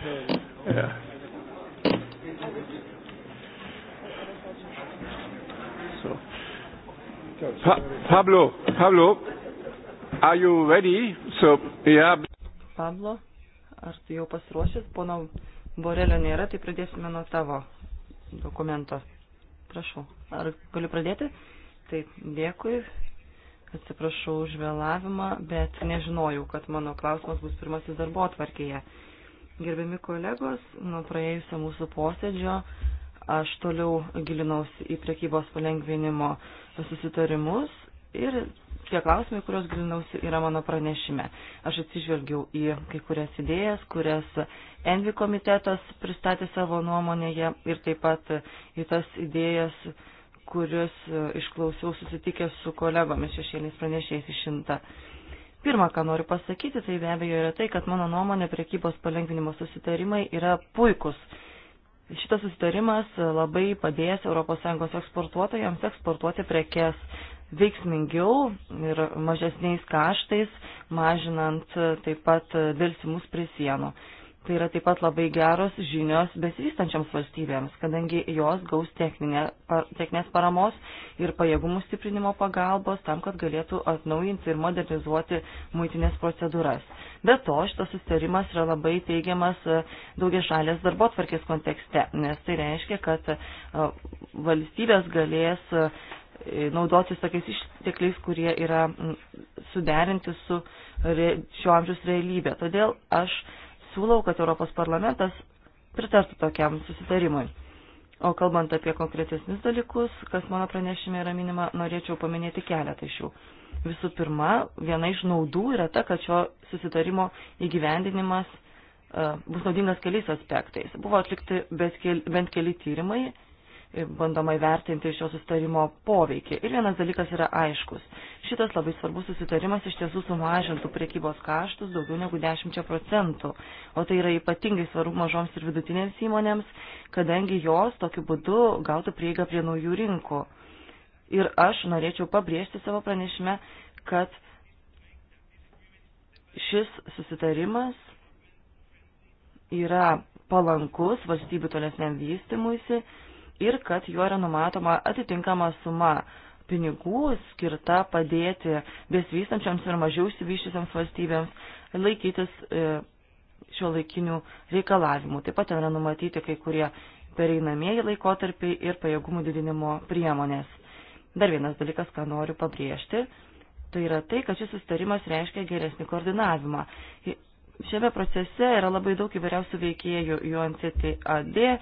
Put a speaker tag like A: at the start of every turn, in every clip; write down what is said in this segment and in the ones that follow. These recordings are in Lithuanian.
A: Yeah. So. Pa Pablo, Pablo, are you ready? So, yeah.
B: Pablo, ar tu jau pasiruošęs? Pono Borelio nėra, tai pradėsime nuo tavo dokumento. Prašau, ar galiu pradėti? Taip, dėkui. Atsiprašau už vėlavimą, bet nežinojau, kad mano klausimas bus pirmasis darbo atvarkėje. Gerbiami kolegos, nuo praėjusio mūsų posėdžio aš toliau gilinausi į prekybos palengvinimo susitarimus ir tie klausimai, kuriuos gilinausi, yra mano pranešime. Aš atsižvelgiau į kai kurias idėjas, kurias Envi komitetas pristatė savo nuomonėje ir taip pat į tas idėjas, kurias išklausiau susitikęs su kolegomis šešėliais pranešėjais iš šimtą. Iš Pirma, ką noriu pasakyti, tai be abejo yra tai, kad mano nuomonė priekybos palengvinimo susitarimai yra puikus. Šitas susitarimas labai padės ES eksportuotojams eksportuoti prekes veiksmingiau ir mažesniais kaštais, mažinant taip pat dėlsimus prie sienų. Tai yra taip pat labai geros žinios besivystančiams valstybėms, kadangi jos gaus techninė, techninės paramos ir pajėgumų stiprinimo pagalbos tam, kad galėtų atnaujinti ir modernizuoti muitinės procedūras. Be to, šitas sustarimas yra labai teigiamas e, daugia šalės darbo tvarkės kontekste, nes tai reiškia, kad e, valstybės galės e, naudotis tokiais ištekliais, kurie yra suderinti su šio amžiaus realybė. Todėl aš siūlau, kad Europos parlamentas pritartų tokiam susitarimui. O kalbant apie konkretesnius dalykus, kas mano pranešime yra minima, norėčiau paminėti keletą iš jų. Visų pirma, viena iš naudų yra ta, kad šio susitarimo įgyvendinimas e, bus naudingas keliais aspektais. Buvo atlikti bent keli tyrimai bandoma įvertinti šio sustarimo poveikį. Ir vienas dalykas yra aiškus. Šitas labai svarbus susitarimas iš tiesų sumažintų priekybos kaštus daugiau negu 10 procentų, o tai yra ypatingai svarbu mažoms ir vidutinėms įmonėms, kadangi jos tokiu būdu gautų prieigą prie naujų rinkų. Ir aš norėčiau pabrėžti savo pranešime, kad šis susitarimas yra palankus valstybių tolesniam vystimuisi ir kad juo yra numatoma atitinkama suma pinigų skirta padėti besivystančioms ir mažiau įsivyščiusiams valstybėms laikytis e, šio laikinių reikalavimų. Taip pat yra numatyti kai kurie pereinamieji laikotarpiai ir pajėgumų didinimo priemonės. Dar vienas dalykas, ką noriu pabrėžti, tai yra tai, kad šis sustarimas reiškia geresnį koordinavimą. Šiame procese yra labai daug įvairiausių veikėjų, UNCTAD, e,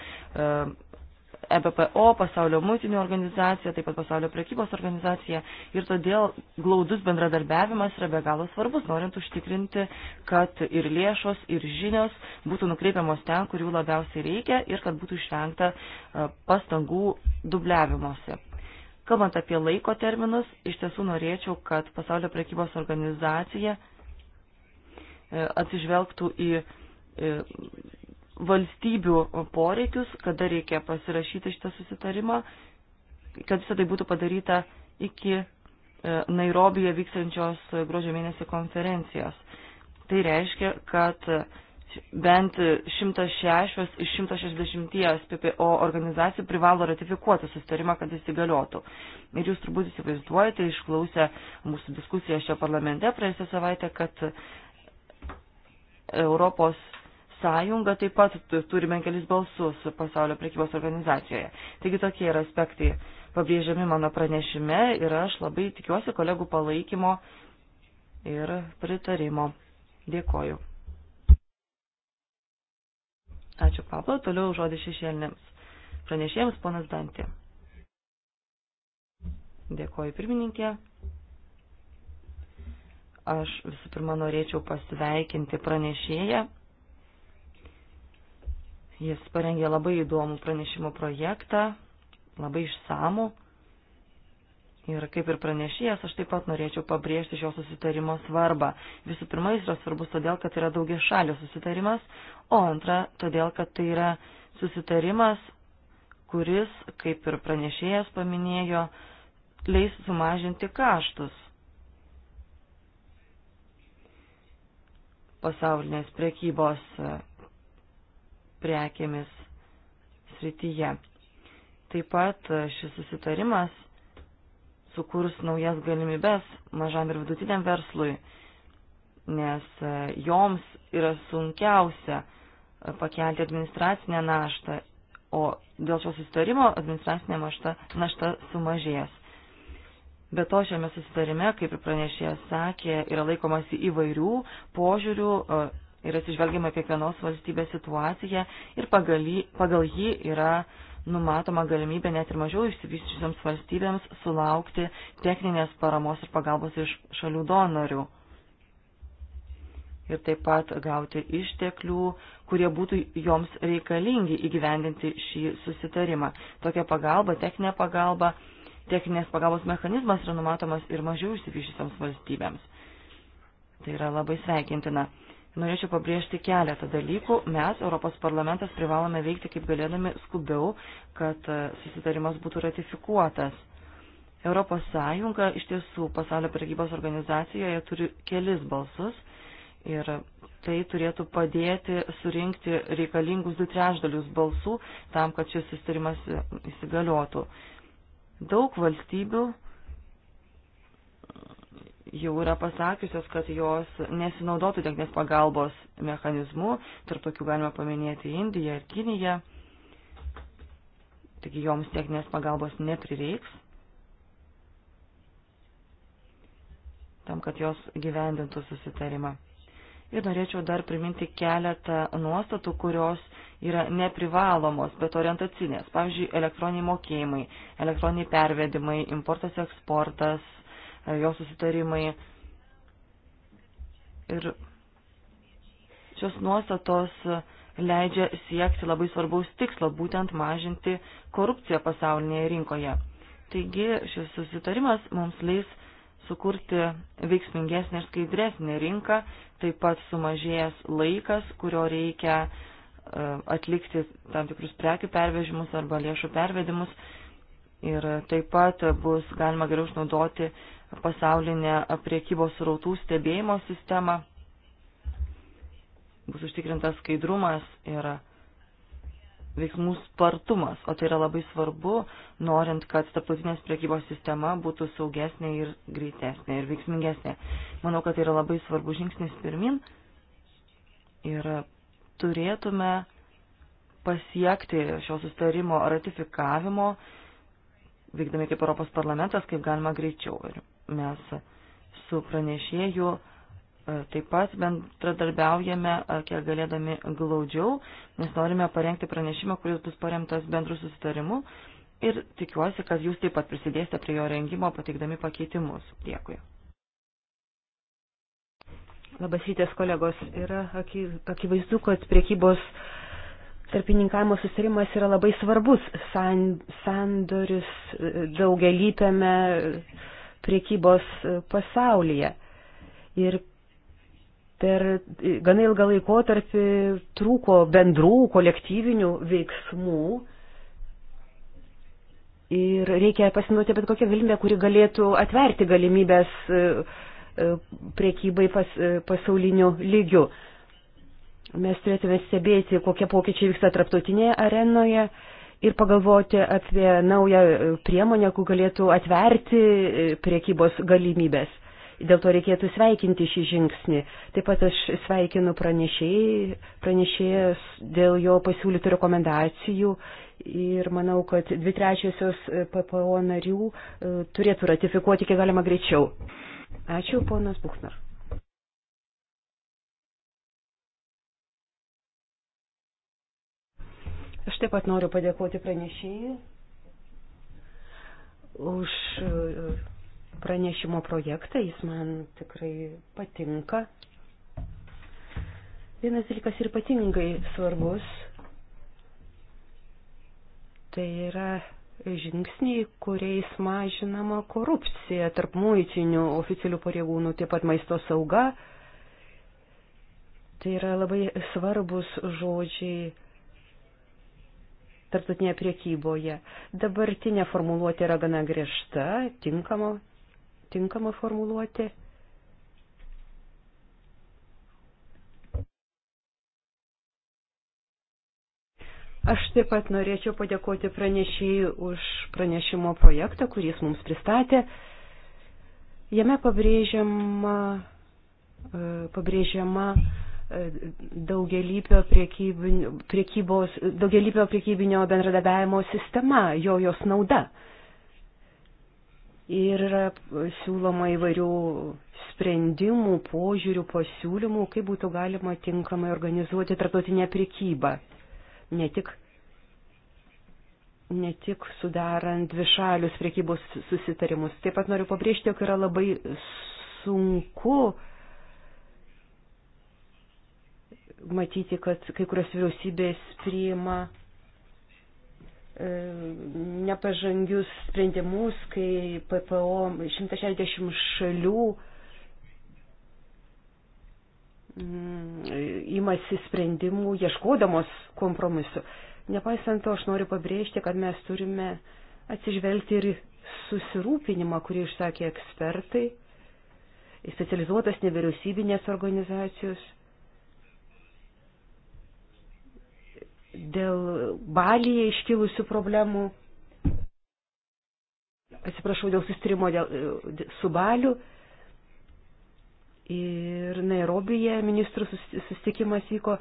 B: EBPO, pasaulio mūtinių organizacija, taip pat pasaulio prekybos organizacija ir todėl glaudus bendradarbiavimas yra be galo svarbus, norint užtikrinti, kad ir lėšos, ir žinios būtų nukreipiamos ten, kur jų labiausiai reikia ir kad būtų išvengta e, pastangų dubliavimuose. Kalbant apie laiko terminus, iš tiesų norėčiau, kad pasaulio prekybos organizacija e, atsižvelgtų į e, valstybių poreikius, kada reikia pasirašyti šitą susitarimą, kad visą tai būtų padaryta iki e, Nairobije vyksančios gruodžio mėnesį konferencijos. Tai reiškia, kad bent 106 iš 160 PPO organizacijų privalo ratifikuoti sustarimą, kad jis įgaliotų. Ir jūs turbūt įsivaizduojate, išklausę mūsų diskusiją šio parlamente praėjusią savaitę, kad Europos sąjunga taip pat turime kelis balsus pasaulio prekybos organizacijoje. Taigi tokie yra aspektai pabrėžiami mano pranešime ir aš labai tikiuosi kolegų palaikymo ir pritarimo. Dėkoju. Ačiū Pablo, toliau žodis šešėlinėms. Pranešėjams ponas Dantė. Dėkoju pirmininkė. Aš visų pirma norėčiau pasveikinti pranešėją Jis parengė labai įdomų pranešimo projektą, labai išsamų. Ir kaip ir pranešėjas, aš taip pat norėčiau pabrėžti šio susitarimo svarbą. Visų pirma, jis yra svarbus todėl, kad yra daugia šalių susitarimas, o antra, todėl, kad tai yra susitarimas, kuris, kaip ir pranešėjas paminėjo, leis sumažinti kaštus. Pasaulinės prekybos prekėmis srityje. Taip pat šis susitarimas sukurs naujas galimybes mažam ir vidutiniam verslui, nes joms yra sunkiausia pakelti administracinę naštą, o dėl šio susitarimo administracinė našta, našta sumažės. Be to, šiame susitarime, kaip ir pranešėjas sakė, yra laikomasi įvairių požiūrių yra atsižvelgiama kiekvienos valstybės situacija ir pagal jį, pagal jį yra numatoma galimybė net ir mažiau išsivysčiusiams valstybėms sulaukti techninės paramos ir pagalbos iš šalių donorių. Ir taip pat gauti išteklių, kurie būtų joms reikalingi įgyvendinti šį susitarimą. Tokia pagalba, techninė pagalba, techninės pagalbos mechanizmas yra numatomas ir mažiau išsivyšusiams valstybėms. Tai yra labai sveikintina. Norėčiau pabrėžti keletą dalykų. Mes, Europos parlamentas, privalome veikti kaip galėdami skubiau, kad e, susitarimas būtų ratifikuotas. Europos Sąjunga iš tiesų pasaulio prekybos organizacijoje turi kelis balsus ir tai turėtų padėti surinkti reikalingus du trešdalius balsų tam, kad šis susitarimas įsigaliotų. Daug valstybių jau yra pasakiusios, kad jos nesinaudotų techninės pagalbos mechanizmu, tarp tokių galima paminėti Indiją ir Kiniją, taigi joms techninės pagalbos neprireiks, tam, kad jos gyvendintų susitarimą. Ir norėčiau dar priminti keletą nuostatų, kurios yra neprivalomos, bet orientacinės. Pavyzdžiui, elektroniniai mokėjimai, elektroniniai pervedimai, importas, eksportas, jo susitarimai. Ir šios nuostatos leidžia siekti labai svarbaus tikslo, būtent mažinti korupciją pasaulinėje rinkoje. Taigi šis susitarimas mums leis sukurti veiksmingesnį ir skaidresnį rinką, taip pat sumažėjęs laikas, kurio reikia e, atlikti tam tikrus prekių pervežimus arba lėšų pervedimus ir taip pat bus galima geriau išnaudoti pasaulinę priekybos rautų stebėjimo sistemą, bus užtikrintas skaidrumas ir veiksmų spartumas, o tai yra labai svarbu, norint, kad tarptautinės priekybos sistema būtų saugesnė ir greitesnė ir veiksmingesnė. Manau, kad tai yra labai svarbu žingsnis pirmin ir turėtume pasiekti šio sustarimo ratifikavimo, vykdami kaip Europos parlamentas, kaip galima greičiau. Ir Mes su pranešėju e, taip pat bendradarbiaujame, e, kiek galėdami glaudžiau, nes norime parengti pranešimą, kuris bus paremtas bendru susitarimu ir tikiuosi, kad jūs taip pat prisidėsite prie jo rengimo, pateikdami pakeitimus. Dėkui. Labas rytas, kolegos. Yra akivaizdu, kad priekybos
C: tarpininkavimo susirimas yra labai svarbus san, sandoris e, daugelypėme priekybos pasaulyje. Ir per gana ilgą laikotarpį trūko bendrų kolektyvinių veiksmų. Ir reikia pasinaudoti bet kokią galimybę, kuri galėtų atverti galimybės e, e, priekybai pas, e, pasauliniu lygiu. Mes turėtume stebėti, kokie pokyčiai vyksta traptautinėje arenoje ir pagalvoti apie naują e, priemonę, kur galėtų atverti e, priekybos galimybės. Dėl to reikėtų sveikinti šį žingsnį. Taip pat aš sveikinu pranešėjas dėl jo pasiūlytų rekomendacijų ir manau, kad dvi trečiosios e, PPO narių turėtų ratifikuoti kiek galima greičiau. Ačiū, ponas Buchner. Aš taip pat noriu padėkoti pranešėjai už e, pranešimo projektą, jis man tikrai patinka. Vienas dalykas ir ypatingai svarbus, tai yra žingsniai, kuriais mažinama korupcija tarp muitinių oficialių pareigūnų, taip pat maisto sauga. Tai yra labai svarbus žodžiai tarptautinėje priekyboje. Dabartinė formuluotė yra gana griežta, tinkamo, tinkama formuluotė. Aš taip pat norėčiau padėkoti pranešėjai už pranešimo projektą, kurį jis mums pristatė. Jame pabrėžiama, e, pabrėžiama daugelįpio priekybinio, priekybos, daugelįpio priekybinio bendradarbiavimo sistema, jo jos nauda. Ir yra siūloma įvairių sprendimų, požiūrių, pasiūlymų, kaip būtų galima tinkamai organizuoti tarptautinę priekybą. Ne tik, ne tik sudarant dvišalius priekybos susitarimus. Taip pat noriu pabrėžti, jog yra labai sunku uh, matyti, kad kai kurios vyriausybės priima e, nepažangius sprendimus, kai PPO 160 šalių mm, imasi sprendimų ieškodamos kompromisu. Nepaisant to, aš noriu pabrėžti, kad mes turime atsižvelgti ir susirūpinimą, kurį išsakė ekspertai, specializuotas nevyriausybinės organizacijos – dėl balyje iškilusių problemų, atsiprašau, dėl sustrimo dėl, e, su baliu. Ir Nairobije ministrų susitikimas vyko.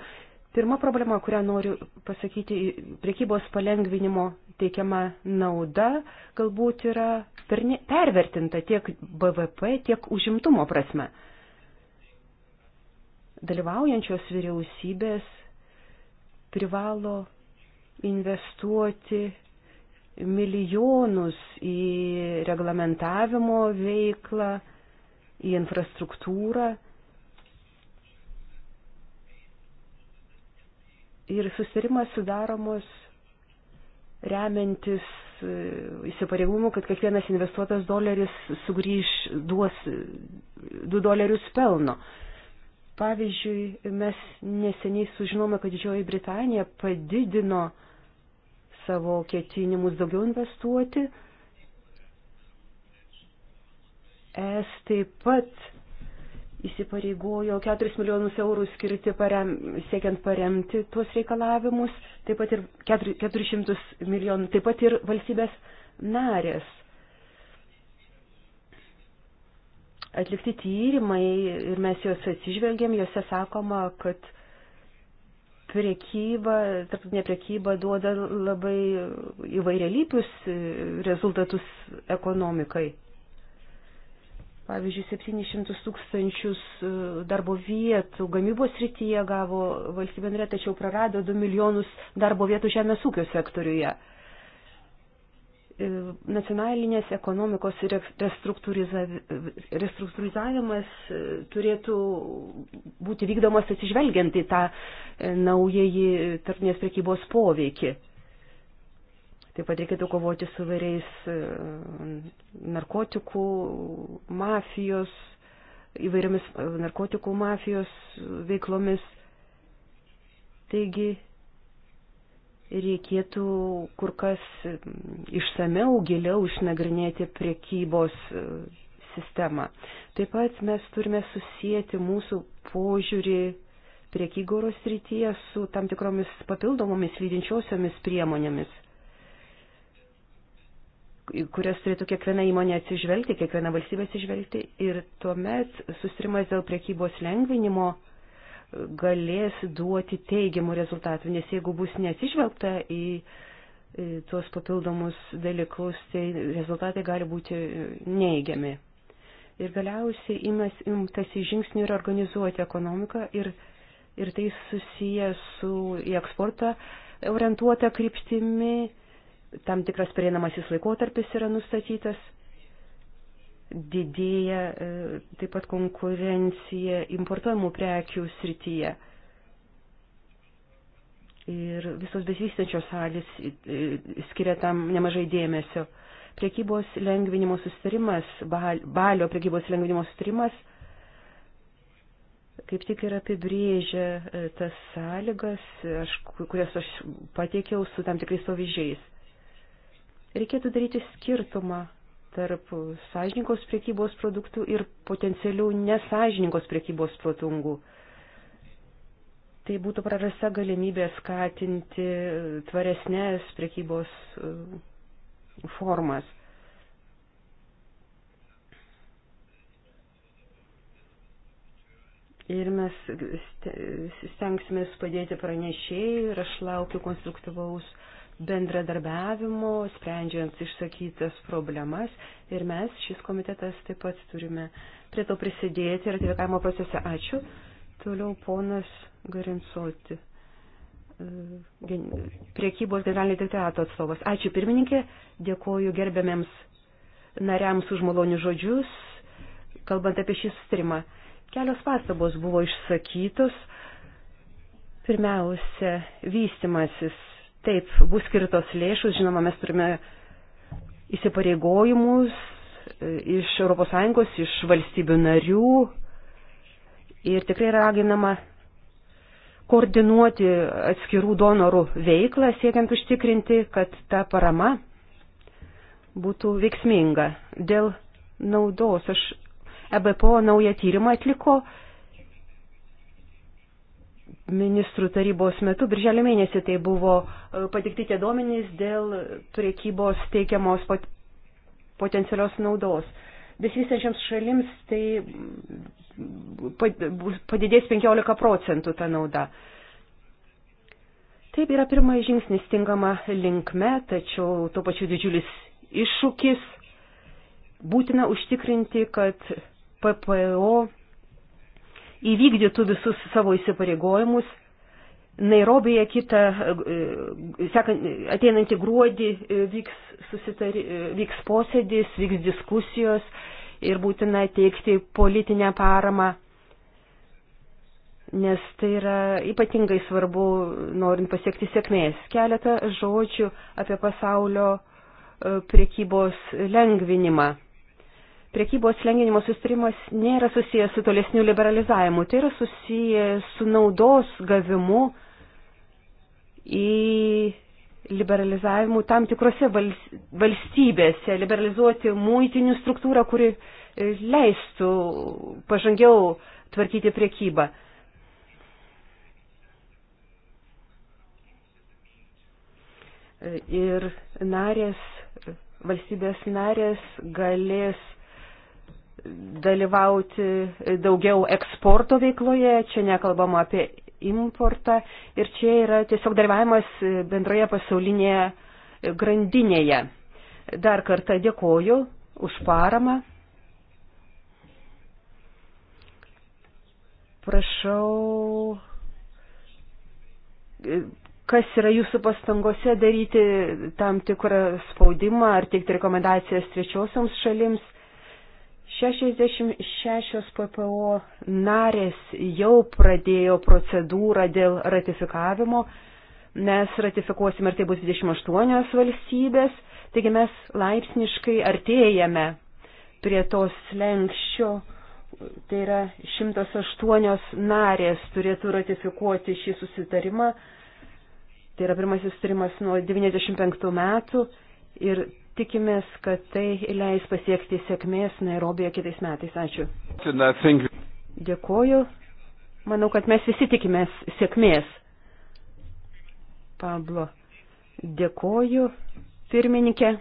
C: Pirma problema, kurią noriu pasakyti, priekybos palengvinimo teikiama nauda galbūt yra pervertinta tiek BVP, tiek užimtumo prasme. Dalyvaujančios vyriausybės privalo investuoti milijonus į reglamentavimo veiklą, į infrastruktūrą ir susirimas sudaromos remiantis e, įsipareigojimu, kad kiekvienas investuotas doleris sugrįž, duos 2 du dolerius pelno. Pavyzdžiui, mes neseniai sužinome, kad Didžioji Britanija padidino savo ketinimus daugiau investuoti. Es taip pat įsipareigojo 4 milijonus eurų skirti parem, siekiant paremti tuos reikalavimus, taip pat ir 400 milijonų, taip pat ir valstybės narės atlikti tyrimai ir mes juos atsižvelgėm, juose sakoma, kad priekyba, tarptautinė priekyba duoda labai įvairialypius e, rezultatus ekonomikai. Pavyzdžiui, 700 tūkstančius e, darbo vietų gamybos rytyje gavo valstybė narė, tačiau prarado 2 milijonus darbo vietų žemės ūkio sektoriuje. E, nacionalinės ekonomikos restruktūrizavimas e, turėtų būti vykdomas atsižvelgiant į tą e, naująjį tarpinės prekybos poveikį. Taip pat reikėtų kovoti su vairiais narkotikų, mafijos, įvairiomis narkotikų mafijos veiklomis. Taigi reikėtų kur kas išsameu, giliau išnagrinėti priekybos e, sistemą. Taip pat mes turime susijęti mūsų požiūrį priekygoros rytyje su tam tikromis papildomomis lydinčiosiomis priemonėmis, kurias turėtų kiekviena įmonė atsižvelgti, kiekviena valstybė atsižvelgti ir tuomet sustrimas dėl priekybos lengvinimo galės duoti teigiamų rezultatų, nes jeigu bus neatsižvelgta į tuos papildomus dalykus, tai rezultatai gali būti neigiami. Ir galiausiai imės imtasi žingsnių ir organizuoti ekonomiką ir, ir tai susiję su į eksportą orientuota kryptimi, tam tikras prieinamasis laikotarpis yra nustatytas didėja e, taip pat konkurencija importuojamų prekių srityje. Ir visos besivystančios šalis e, e, skiria tam nemažai dėmesio. Prekybos lengvinimo sustarimas, balio prekybos lengvinimo sustarimas kaip tik ir apibrėžia tas sąlygas, aš, kurias aš pateikiau su tam tikrais pavyzdžiais. Reikėtų daryti skirtumą tarp sąžininkos priekybos produktų ir potencialių nesažininkos priekybos protungų. Tai būtų prarasta galimybė skatinti tvaresnės priekybos e, formas. Ir mes stengsimės padėti pranešėjai ir aš laukiu konstruktyvaus uh, bendradarbiavimo, sprendžiant išsakytas problemas ir mes, šis komitetas, taip pat turime prie to prisidėti ratifikavimo procese. Ačiū. Toliau ponas Garinsolti,
A: e,
C: priekybos generalinio diktato atstovas. Ačiū pirmininkė, dėkoju gerbiamiems nariams už malonių žodžius, kalbant apie šį sustrimą. Kelios pastabos buvo išsakytos. Pirmiausia, vystimasis Taip, bus skirtos lėšus, žinoma, mes turime įsipareigojimus e, iš ES, iš valstybių narių ir tikrai raginama koordinuoti atskirų donorų veiklą, siekiant užtikrinti, kad ta parama būtų veiksminga. Dėl naudos aš EBPO naują tyrimą atliko ministrų tarybos metu, birželio mėnesį tai buvo e, patikti tie duomenys dėl priekybos teikiamos pot, potencialios naudos. Besivystančiams šalims tai padidės 15 procentų ta nauda. Taip yra pirmas žingsnis tinkama linkme, tačiau tuo pačiu didžiulis iššūkis būtina užtikrinti, kad PPO įvykdytų visus savo įsipareigojimus. Nairobėje kitą, sekant, ateinantį gruodį e, vyks, susitari, e, vyks posėdis, vyks diskusijos ir būtina teikti politinę paramą, nes tai yra ypatingai svarbu, norint pasiekti sėkmės. Keletą žodžių apie pasaulio e, priekybos lengvinimą priekybos lengvinimo sustarimas nėra susijęs su tolesniu liberalizavimu, tai yra susijęs su naudos gavimu į liberalizavimu tam tikrose valstybėse, liberalizuoti muitinių struktūrą, kuri e, leistų pažangiau tvarkyti priekybą. E, ir narės, valstybės narės galės dalyvauti daugiau eksporto veikloje, čia nekalbama apie importą ir čia yra tiesiog dalyvavimas bendroje pasaulinėje grandinėje. Dar kartą dėkoju už paramą. Prašau, kas yra jūsų pastangose daryti tam tikrą spaudimą ar teikti rekomendacijas trečiosioms šalims 66 PPO narės jau pradėjo procedūrą dėl ratifikavimo. Mes ratifikuosime ir tai bus 28 valstybės, taigi mes laipsniškai artėjame prie tos lenkščio, tai yra 108 narės turėtų ratifikuoti šį susitarimą, tai yra pirmasis susitarimas nuo 95 metų ir Tikimės, kad tai leis pasiekti sėkmės Nairobėje kitais metais. Ačiū. Dėkoju. Manau, kad mes visi tikimės sėkmės. Pablo, dėkoju, pirmininkė.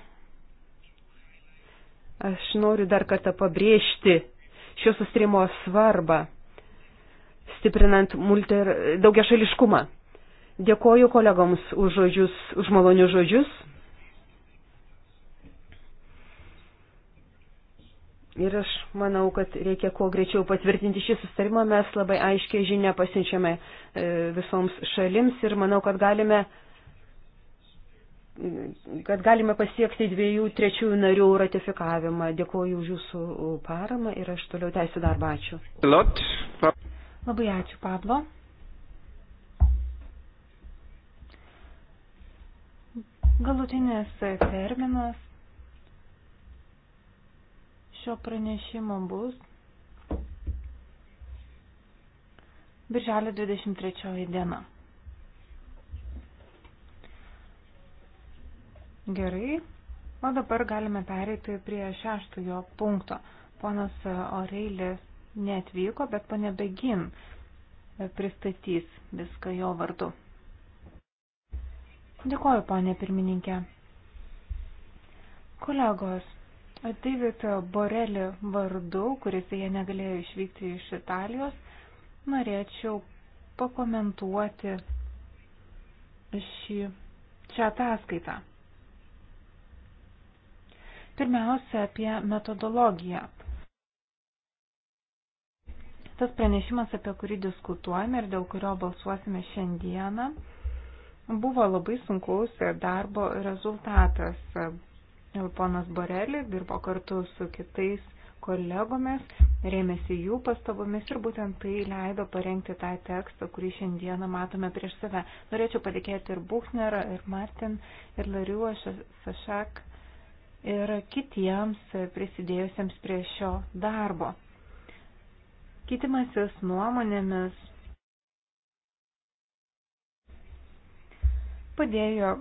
C: Aš noriu dar kartą pabrėžti šio sustrimo svarbą, stiprinant multer... daugia šališkumą. Dėkoju kolegoms už žodžius, už malonius žodžius. Ir aš manau, kad reikia kuo greičiau patvirtinti šį sustarimą. Mes labai aiškiai žinia pasiunčiame e, visoms šalims ir manau, kad galime, kad galime pasiekti dviejų trečiųjų narių ratifikavimą. Dėkuoju už jūsų paramą ir aš toliau tęsiu darbą. Ačiū. Labai ačiū, Pablo.
D: Galutinis terminas šio pranešimo bus birželio 23 diena. Gerai, o dabar galime pereiti prie šeštojo punkto. Ponas Oreilis neatvyko, bet pane Begin pristatys viską jo vardu. Dėkoju, ponė pirmininkė. Kolegos, Davido Borelį vardu, kuris jie negalėjo išvykti iš Italijos, norėčiau pakomentuoti šį čia ataskaitą. Pirmiausia, apie metodologiją. Tas pranešimas, apie kurį diskutuojame ir dėl kurio balsuosime šiandieną, buvo labai sunkaus darbo rezultatas. Ponas Borelį dirbo kartu su kitais kolegomis, rėmėsi jų pastabomis ir būtent tai leido parengti tą tekstą, kurį šiandieną matome prieš save. Norėčiau padėkėti ir Buchnerą, ir Martin, ir Lariuo, Sašak ir kitiems prisidėjusiems prie šio darbo. Kitimasis nuomonėmis padėjo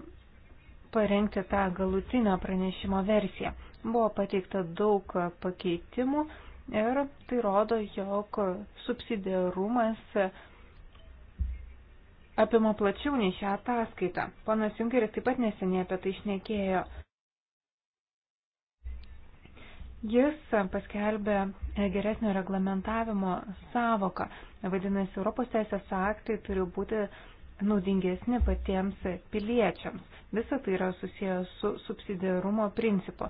D: parengti tą galutinę pranešimo versiją. Buvo pateikta daug pakeitimų ir tai rodo, jog subsidiarumas apima plačiau nei šią ataskaitą. Panas Junkeris taip pat neseniai apie tai išnekėjo. Jis paskelbė geresnio reglamentavimo savoką. Vadinasi, Europos teisės aktai turi būti naudingesni patiems piliečiams. Visa tai yra susijęs su subsidiarumo principu.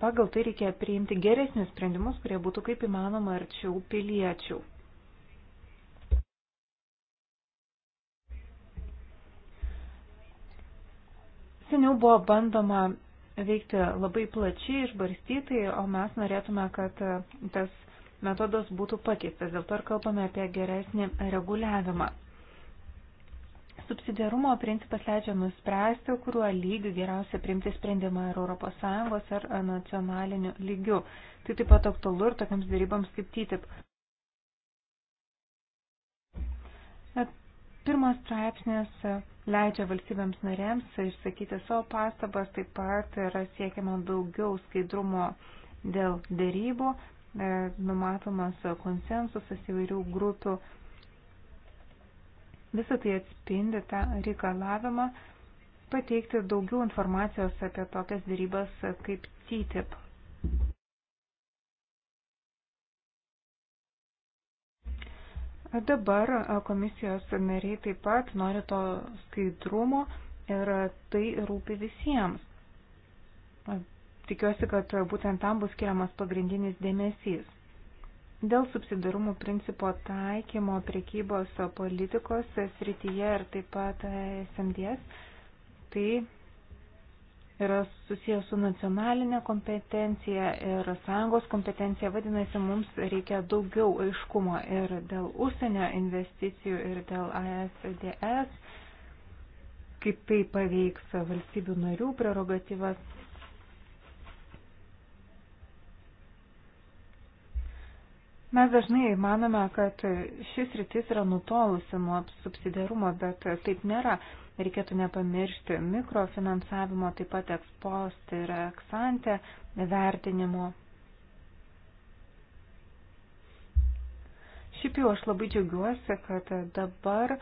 D: Pagal tai reikia priimti geresnius sprendimus, kurie būtų kaip įmanoma arčiau piliečių. Seniau buvo bandoma veikti labai plačiai, išbarstytai, o mes norėtume, kad tas metodas būtų pakeistas. Dėl to ir kalbame apie geresnį reguliavimą. Subsidiarumo principas leidžia nuspręsti, kuriuo lygiu geriausia priimti sprendimą ar ES ar nacionaliniu lygiu. Tai taip pat aktualu ir tokiams daryboms kaip TTIP. E, pirmas straipsnis e, leidžia valstybėms narėms išsakyti savo pastabas, taip pat yra siekiama daugiau skaidrumo dėl dėrybų, e, numatomas konsensusas įvairių grupių Visą tai atspindi tą reikalavimą pateikti daugiau informacijos apie tokias dėrybas kaip TTIP. Dabar komisijos nariai taip pat nori to skaidrumo ir tai rūpi visiems. Tikiuosi, kad būtent tam bus skiriamas pagrindinis dėmesys. Dėl subsidarumų principo taikymo prekybos politikos srityje ir taip pat SMDS, tai yra susijęs su nacionalinė kompetencija ir sąjungos kompetencija, vadinasi, mums reikia daugiau aiškumo ir dėl užsienio investicijų ir dėl ASDS, kaip tai paveiks valstybių narių prerogatyvas. Mes dažnai manome, kad šis rytis yra nutolusi nuo subsidiarumo, bet taip nėra. Reikėtų nepamiršti mikrofinansavimo, taip pat ekspost ir eksante vertinimo. Šiaip jau aš labai džiaugiuosi, kad dabar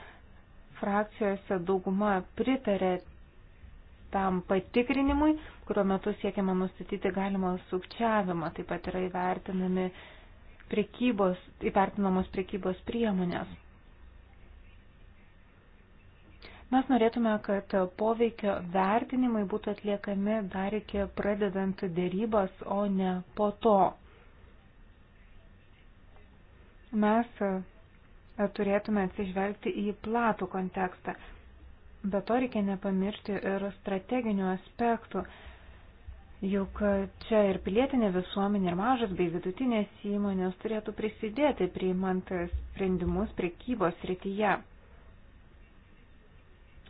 D: frakcijose dauguma pritarė tam patikrinimui, kurio metu siekiama nustatyti galimą sukčiavimą, taip pat yra įvertinami prekybos, įvertinamos prekybos priemonės. Mes norėtume, kad poveikio vertinimai būtų atliekami dar iki pradedant dėrybas, o ne po to. Mes e, turėtume atsižvelgti į platų kontekstą. Be to reikia nepamiršti ir strateginių aspektų. Juk čia ir pilietinė visuomenė, ir mažas bei vidutinės įmonės turėtų prisidėti priimant sprendimus prekybos rytyje.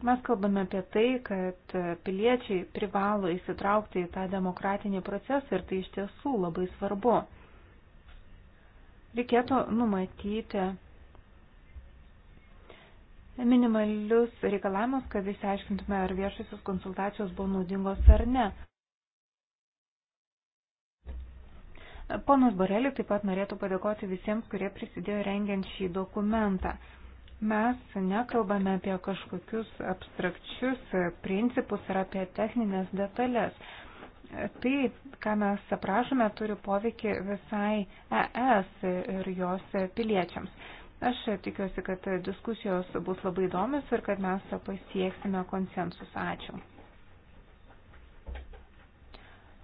D: Mes kalbame apie tai, kad piliečiai privalo įsitraukti į tą demokratinį procesą ir tai iš tiesų labai svarbu. Reikėtų numatyti minimalius reikalavimus, kad išsiaiškintume, ar viešasios konsultacijos buvo naudingos ar ne. Ponas Borelį taip pat norėtų padėkoti visiems, kurie prisidėjo rengiant šį dokumentą. Mes nekalbame apie kažkokius abstrakčius principus ar apie techninės detalės. Tai, ką mes aprašome, turi poveikį visai ES ir jos piliečiams. Aš tikiuosi, kad diskusijos bus labai įdomios ir kad mes pasieksime konsensus. Ačiū.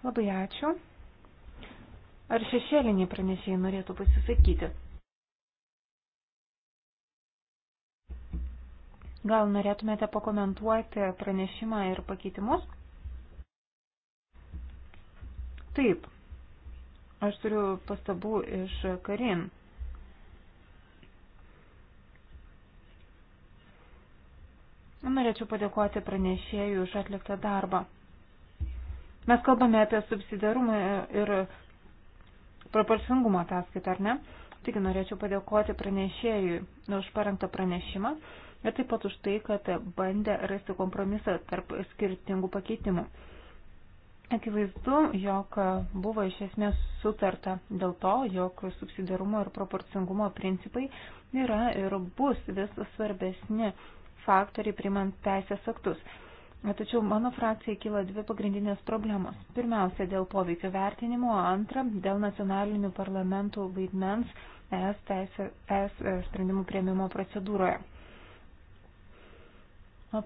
D: Labai ačiū. Ar šešėliniai pranešėjai norėtų pasisakyti? Gal norėtumėte pakomentuoti pranešimą ir pakeitimus? Taip, aš turiu pastabų iš Karin. Norėčiau padėkoti pranešėjui už atliktą darbą. Mes kalbame apie subsidiarumą ir proporcingumo ataskaitą, ar ne? Tik norėčiau padėkoti pranešėjui už parengtą pranešimą ir taip pat už tai, kad bandė rasti kompromisą tarp skirtingų pakeitimų. Akivaizdu, jog buvo iš esmės sutarta dėl to, jog subsidiarumo ir proporcingumo principai yra ir bus vis svarbesni faktoriai primant teisės aktus. Tačiau mano frakcijai kyla dvi pagrindinės problemos. Pirmiausia, dėl poveikio vertinimo, antra, dėl nacionalinių parlamentų vaidmens ES, teisė, ES e, sprendimų prieimimo procedūroje.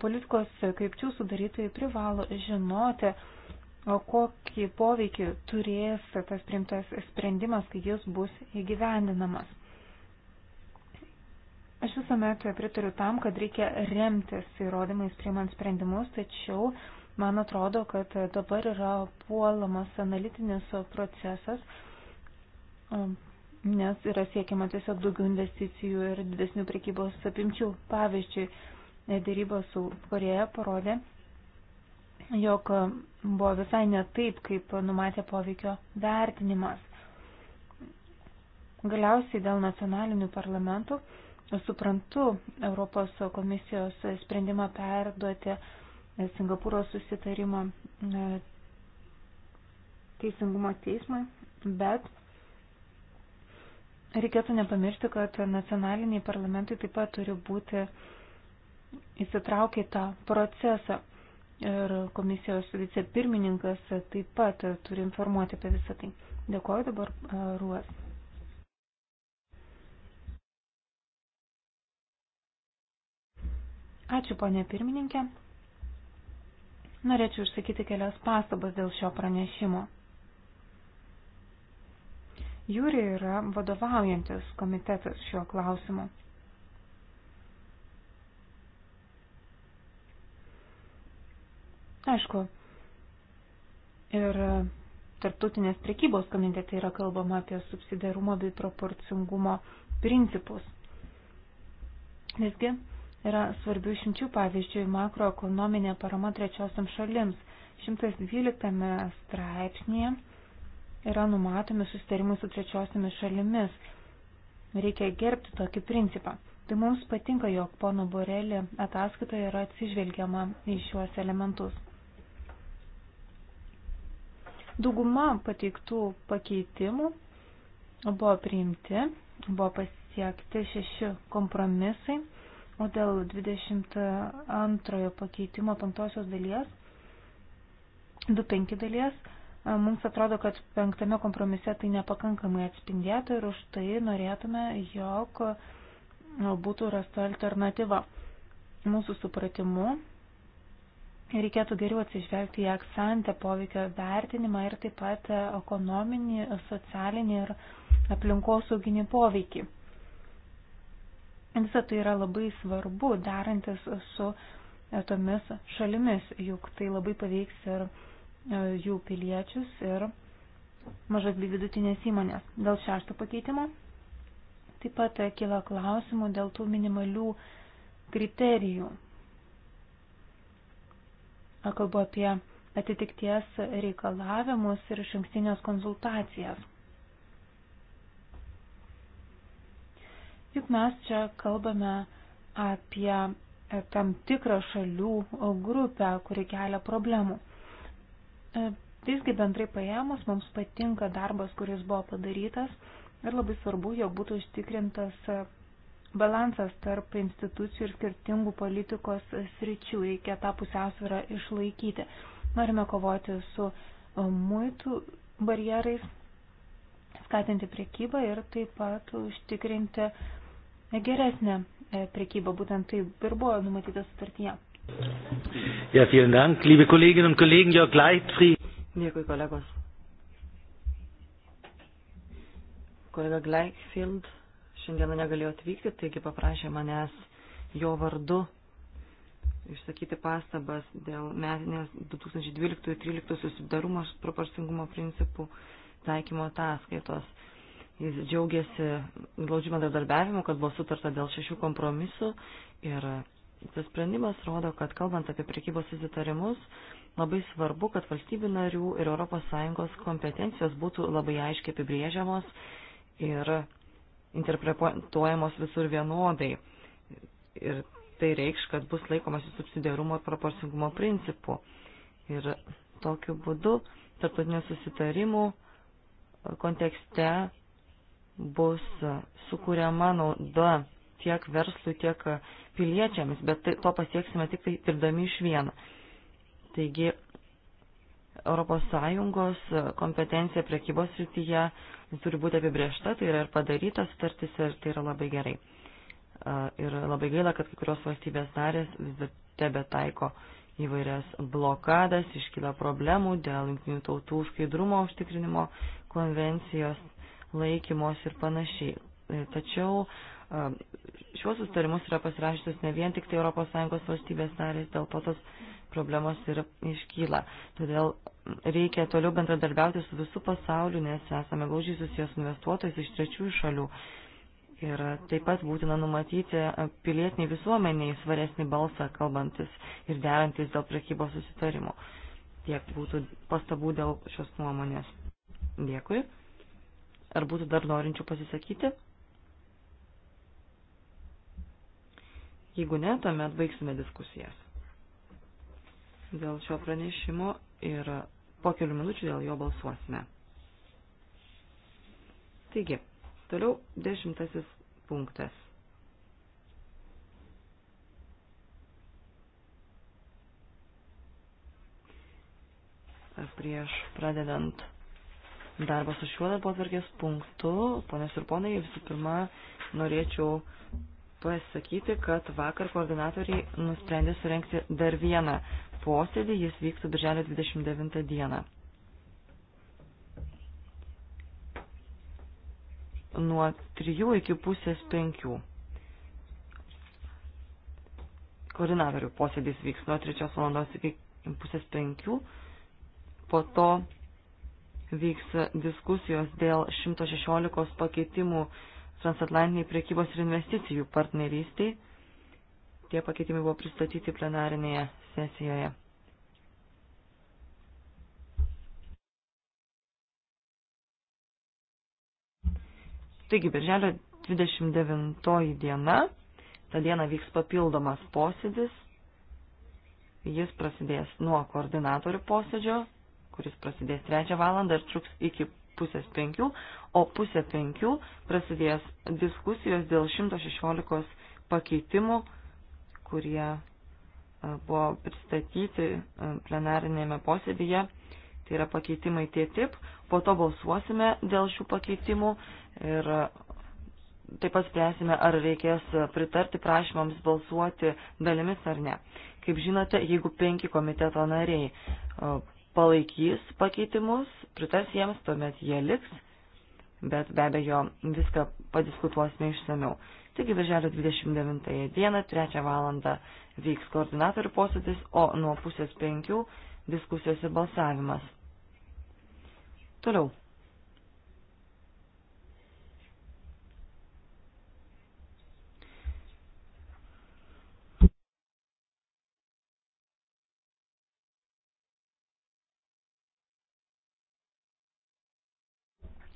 D: Politikos krypčių sudarytojai privalo žinoti, kokį poveikį turės tas primtas sprendimas, kai jis bus įgyvendinamas. Aš visuomet pritariu tam, kad reikia remtis įrodymais priimant sprendimus, tačiau man atrodo, kad dabar yra puolamas analitinis procesas, um, nes yra siekiama tiesiog daugiau investicijų ir didesnių prekybos apimčių. Pavyzdžiui, dėrybos su Koreja parodė, jog buvo visai ne taip, kaip numatė poveikio vertinimas. Galiausiai dėl nacionalinių parlamentų suprantu Europos komisijos sprendimą perduoti Singapūro susitarimą e, teisingumo teismui, bet reikėtų nepamiršti, kad nacionaliniai parlamentai taip pat turi būti įsitraukę į tą procesą ir komisijos vicepirmininkas taip pat turi informuoti apie visą tai. Dėkuoju dabar e, Ruas. Ačiū, ponė pirmininkė. Norėčiau išsakyti kelias pastabas dėl šio pranešimo. Jūri yra vadovaujantis komitetas šiuo klausimu. Aišku, ir tarptautinės prekybos komitete yra kalbama apie subsidiarumo bei proporcingumo principus. Nesgi Yra svarbių išimčių, pavyzdžiui, makroekonominė parama trečiosiam šalims. 112 straipsnėje yra numatomi susitarimai su trečiosiamis šalimis. Reikia gerbti tokį principą. Tai mums patinka, jog pono Borelį ataskaitoje yra atsižvelgiama į šiuos elementus. Dauguma pateiktų pakeitimų buvo priimti, buvo pasiekti šeši kompromisai O dėl 22 pakeitimo penktosios dalies, 25 dalies, mums atrodo, kad penktame kompromise tai nepakankamai atspindėta ir už tai norėtume, jog būtų rasta alternatyva. Mūsų supratimu reikėtų geriau atsižvelgti į aksantę poveikio vertinimą ir taip pat ekonominį, socialinį ir aplinkosauginį poveikį. Visą tai yra labai svarbu darantis su e, tomis šalimis, juk tai labai paveiks ir e, jų piliečius ir mažas bei vidutinės įmonės. Dėl šešto pakeitimo taip pat e, kila klausimų dėl tų minimalių kriterijų. Kalbu apie atitikties reikalavimus ir išankstinės konsultacijas. Juk mes čia kalbame apie e, tam tikrą šalių grupę, kuri kelia problemų. E, visgi bendrai paėmus, mums patinka darbas, kuris buvo padarytas ir labai svarbu, jog būtų užtikrintas e, balansas tarp institucijų ir skirtingų politikos sričių. Reikia tą pusiausvyrą išlaikyti. Norime kovoti su muitų barjerais, skatinti priekybą ir taip pat užtikrinti uh, geresnė e, prekyba, būtent taip ir buvo numatyta sutartyje.
B: Ja, vielen Dank, liebe Kolleginnen und Kollegen, Jörg Leitfried. Dėkui, kolegos. Kolega Gleichfield šiandieną negalėjo atvykti, taigi paprašė manęs jo vardu išsakyti pastabas dėl metinės 2012-2013 susidarumo proporcingumo principų taikymo ataskaitos. Jis džiaugiasi glaudžiu bendradarbiavimu, kad buvo sutarta dėl šešių kompromisų ir tas sprendimas rodo, kad kalbant apie prekybos susitarimus, labai svarbu, kad valstybių narių ir ES kompetencijos būtų labai aiškiai apibrėžiamos ir interpretuojamos visur vienodai. Ir tai reikš, kad bus laikomasi subsidiarumo ir proporcingumo principų. Ir tokiu būdu tarptautinių susitarimų kontekste bus sukūriama nauda tiek verslui, tiek piliečiams, bet tai, to pasieksime tik tai dirbdami iš vieno. Taigi, ES kompetencija prekybos rytyje turi būti apibriešta, tai yra ir padaryta sutartis ir tai yra labai gerai. Ir labai gaila, kad kai kurios valstybės narės vis dar tebe taiko įvairias blokadas, iškyla problemų dėl jungtinių tautų skaidrumo užtikrinimo konvencijos laikymos ir panašiai. E, tačiau e, šiuos sustarimus yra pasirašytos ne vien tik tai ES valstybės narės, dėl to tos problemos ir iškyla. Todėl reikia toliau bendradarbiauti su visų pasauliu, nes esame gaužiai susijęs investuotojais iš trečiųjų šalių. Ir taip pat būtina numatyti pilietiniai visuomeniai svaresnį balsą, kalbantis ir derantis dėl prekybos susitarimų. Tiek būtų pastabų dėl šios nuomonės. Dėkui. Ar būtų dar norinčių pasisakyti? Jeigu ne, tuomet baigsime diskusijas. Dėl šio pranešimo ir po kelių minučių dėl jo balsuosime. Taigi, toliau dešimtasis punktas. Prieš pradedant darbą su šiuo darbo atvarkės punktu. Ponės ir ponai, visų pirma, norėčiau pasakyti, kad vakar koordinatoriai nusprendė surenkti dar vieną posėdį, jis vyktų birželio 29 dieną. Nuo 3 iki pusės 5. Koordinatorių posėdis vyks nuo 3 valandos iki pusės 5. Po to vyks diskusijos dėl 116 pakeitimų transatlantiniai priekybos ir investicijų partnerystiai. Tie pakeitimai buvo pristatyti plenarinėje sesijoje. Taigi, birželio 29 diena, tą dieną vyks papildomas posėdis, jis prasidės nuo koordinatorių posėdžio kuris prasidės trečią valandą ir truks iki pusės penkių, o pusę penkių prasidės diskusijos dėl 116 pakeitimų, kurie e, buvo pristatyti e, plenarinėme posėdėje. Tai yra pakeitimai tie tip, po to balsuosime dėl šių pakeitimų ir e, taip pat spręsime, ar reikės pritarti prašymams balsuoti dalimis ar ne. Kaip žinote, jeigu penki komiteto nariai palaikys pakeitimus, pritars jiems, tuomet jie liks, bet be abejo viską padiskutuosime išsameu. Taigi, birželio 29 dieną, 3 valandą vyks koordinatorių posėdis, o nuo pusės penkių diskusijos ir balsavimas. Toliau.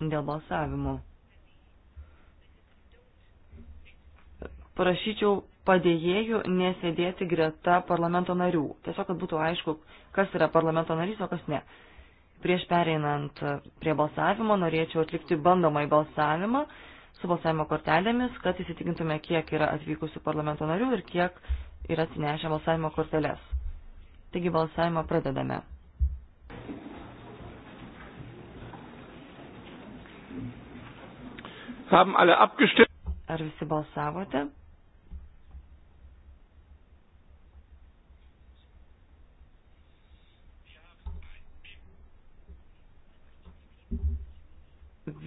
B: dėl balsavimo. Prašyčiau padėjėjų nesėdėti greta parlamento narių. Tiesiog, kad būtų aišku, kas yra parlamento narys, o kas ne. Prieš pereinant prie balsavimo norėčiau atlikti bandomąjį balsavimą su balsavimo kortelėmis, kad įsitikintume, kiek yra atvykusių parlamento narių ir kiek yra atsinešę balsavimo korteles. Taigi balsavimą pradedame. Haben alle abgestimmt? Ar visi balsavote?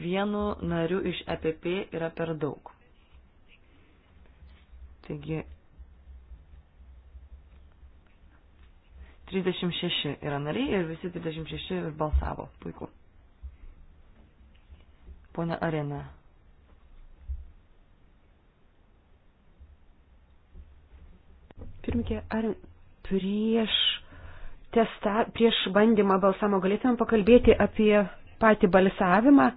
B: Vienu nariu iš EPP yra per daug. Taigi 36 yra nariai ir visi 36 ir balsavo. Puiku. Pone Arena. Pirmikė, ar prieš,
C: testa, prieš bandymą balsamo galėtumėm pakalbėti apie patį balsavimą?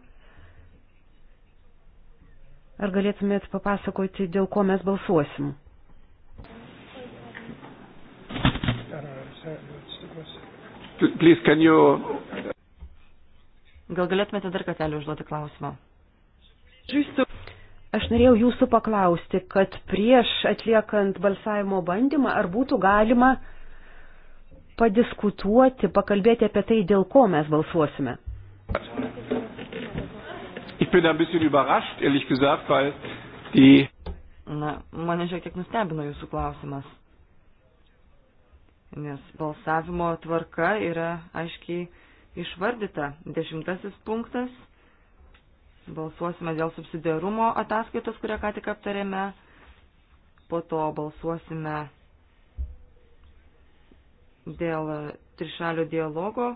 C: Ar galėtumėt papasakoti, dėl ko mes balsuosim?
A: Please, can you...
B: Gal galėtumėte dar kartelį užduoti klausimą? Just... Aš norėjau jūsų
C: paklausti, kad prieš atliekant balsavimo bandymą, ar būtų galima padiskutuoti, pakalbėti apie tai, dėl ko mes balsuosime.
B: Na, mane šiek tiek nustebino jūsų klausimas, nes balsavimo tvarka yra aiškiai išvardyta. Dešimtasis punktas Balsuosime dėl subsidiarumo ataskaitos, kurią ką tik aptarėme. Po to balsuosime dėl trišalio dialogo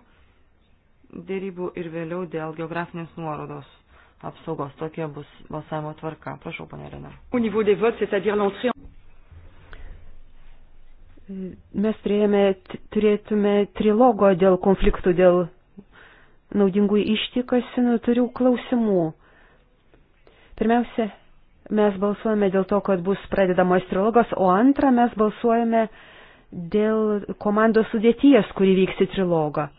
B: dėrybų ir vėliau dėl geografinės nuorodos apsaugos. Tokia bus balsavimo tvarka. Prašau, panė Rena. Mes turėjome,
C: turėtume trilogo dėl konfliktų, dėl naudingų ištikasinų. Turiu klausimų. Pirmiausia, mes balsuojame dėl to, kad bus pradedamos trilogos, o antra, mes balsuojame dėl komandos sudėties, kuri vyks į trilogą.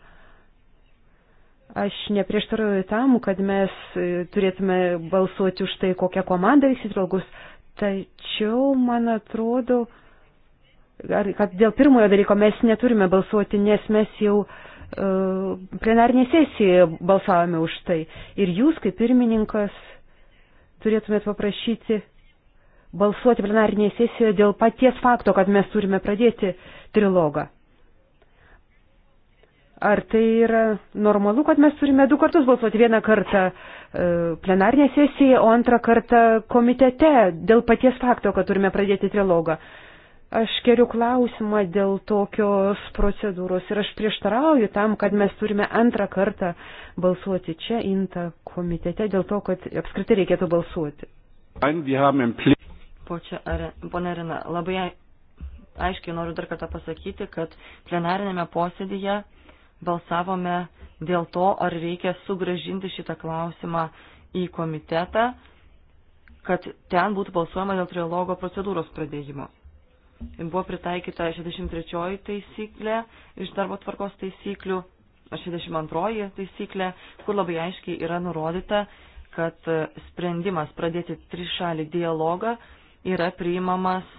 C: Aš neprieštarauju tam, kad mes e, turėtume balsuoti už tai, kokią komandą vyks į trilogus, tačiau, man atrodo, kad dėl pirmojo dalyko mes neturime balsuoti, nes mes jau e, plenarinė sesija balsavome už tai. Ir jūs, kaip pirmininkas, turėtumėt paprašyti balsuoti plenarinėje sesijoje dėl paties fakto, kad mes turime pradėti trilogą. Ar tai yra normalu, kad mes turime du kartus balsuoti vieną kartą e, plenarinėje sesijoje, o antrą kartą komitete dėl paties fakto, kad turime pradėti trilogą? Aš keriu klausimą dėl tokios procedūros ir aš prieštarauju tam, kad mes turime antrą kartą balsuoti
B: čia, INTA komitete, dėl to, kad apskritai reikėtų balsuoti. Pone Rina, labai aiškiai noriu dar kartą pasakyti, kad plenarinėme posėdėje balsavome dėl to, ar reikia sugražinti šitą klausimą į komitetą, kad ten būtų balsuojama dėl trilogo procedūros pradėjimo. Buvo pritaikyta 63 taisyklė iš darbo tvarkos taisyklių, 62 taisyklė, kur labai aiškiai yra nurodyta, kad sprendimas pradėti trišalį dialogą yra priimamas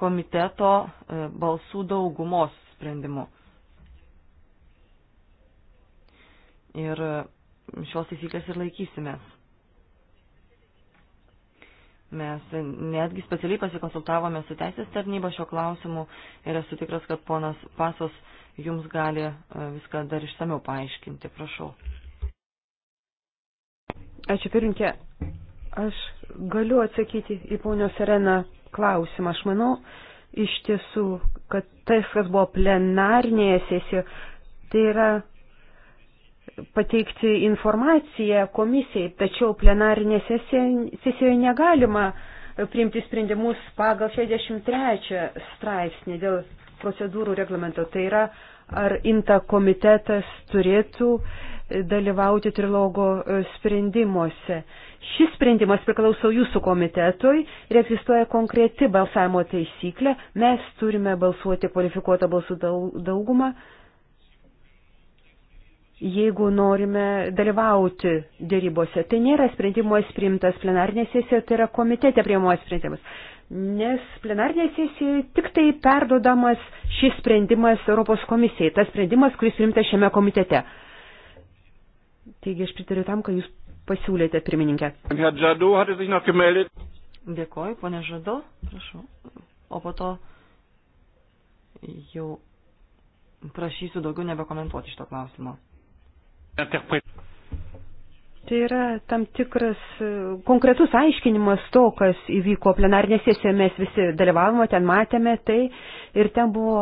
B: komiteto e, balsų daugumos sprendimu. Ir e, šios taisyklės ir laikysimės. Mes netgi specialiai pasikonsultavome su teisės tarnyba šio klausimu ir esu tikras, kad ponas Pasos jums gali e, viską dar išsameu paaiškinti. Prašau.
C: Ačiū pirinkė. Aš galiu atsakyti į ponios Sereną klausimą. Aš manau, iš tiesų, kad tai, kas buvo plenarnėje sesijoje, tai yra pateikti informaciją komisijai, tačiau plenarinė sesijoje negalima priimti sprendimus pagal 63 straipsnį dėl procedūrų reglamento. Tai yra, ar inta komitetas turėtų dalyvauti trilogo e, sprendimuose. Šis sprendimas priklauso jūsų komitetui ir egzistuoja konkreti balsavimo taisyklė. Mes turime balsuoti kvalifikuotą balsų daugumą jeigu norime dalyvauti dėrybose. Tai nėra sprendimas priimtas plenarnė sesija, tai yra komitete priimamas sprendimas. Nes plenarnė sesija tik tai perdodamas šis sprendimas Europos komisijai, tas sprendimas, kuris priimtas šiame komitete. Taigi aš pritariu tam, ką jūs pasiūlėte, pirmininkė.
A: Dėkoju, ponė Žado, prašau.
B: O po to jau prašysiu daugiau nebekomentuoti šito klausimo. Tai
C: yra tam tikras e, konkretus aiškinimas to, kas įvyko plenarinė sesija, mes visi dalyvavome, ten matėme tai ir ten buvo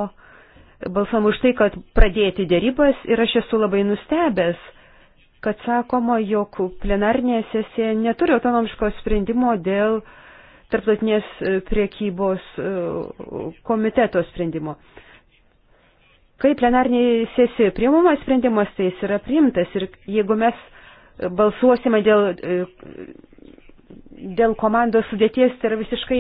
C: balsam už tai, kad pradėti dėrybas ir aš esu labai nustebęs, kad sakoma, jog plenarinė sesija neturi autonomiško sprendimo dėl tarptautinės e, priekybos e, komiteto sprendimo kai plenarniai sesijoje priimamas sprendimas, tai jis yra priimtas. Ir jeigu mes e, balsuosime dėl, e, dėl komandos sudėties, tai yra visiškai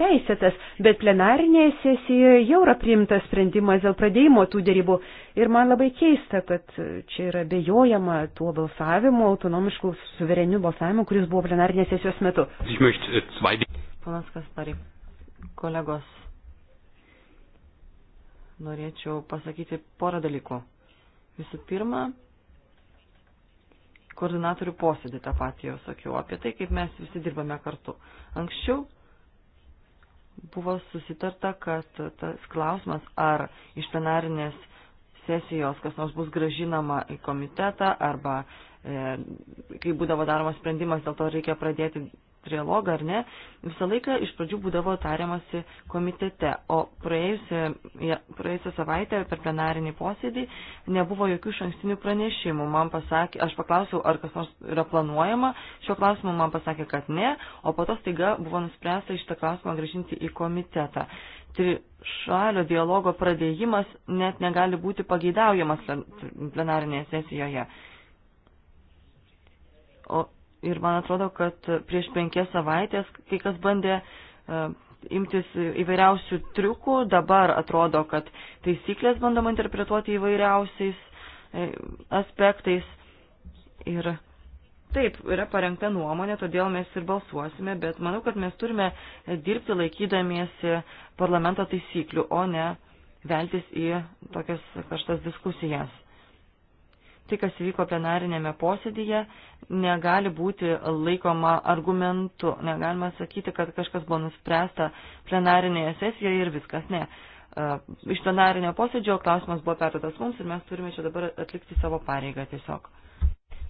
C: teisėtas. Bet plenarinėje sesijoje jau yra priimtas sprendimas dėl pradėjimo tų dėrybų. Ir man labai keista, kad čia yra bejojama tuo balsavimu, autonomišku suvereniu balsavimu, kuris buvo plenarinės sesijos metu.
B: Ponas Kaspari, kolegos norėčiau pasakyti porą dalykų. Visų pirma, koordinatorių posėdį tą patį jau sakiau, apie tai, kaip mes visi dirbame kartu. Anksčiau buvo susitarta, kad tas klausimas, ar iš plenarinės sesijos kas nors bus gražinama į komitetą arba e, kai būdavo daromas sprendimas, dėl to reikia pradėti trialogą ar ne, visą laiką iš pradžių būdavo tariamasi komitete, o praėjusią, praėjusią savaitę per plenarinį posėdį nebuvo jokių šankstinių pranešimų. Man pasakė, aš paklausiau, ar kas nors yra planuojama, šio klausimo man pasakė, kad ne, o po to staiga buvo nuspręsta šitą klausimą grąžinti į komitetą. Trišalio dialogo pradėjimas net negali būti pageidaujamas plenarinėje sesijoje. O Ir man atrodo, kad prieš penkias savaitės kai kas bandė e, imtis įvairiausių triukų, dabar atrodo, kad taisyklės bandoma interpretuoti įvairiausiais e, aspektais. Ir taip, yra parengta nuomonė, todėl mes ir balsuosime, bet manau, kad mes turime dirbti laikydamiesi parlamento taisyklių, o ne veltis į tokias karštas diskusijas tai, kas įvyko plenarinėme posėdėje, negali būti laikoma argumentu. Negalima sakyti, kad kažkas buvo nuspręsta plenarinėje sesijoje ir viskas. Ne. Iš plenarinio posėdžio klausimas buvo perduotas mums ir mes turime čia dabar atlikti savo pareigą tiesiog.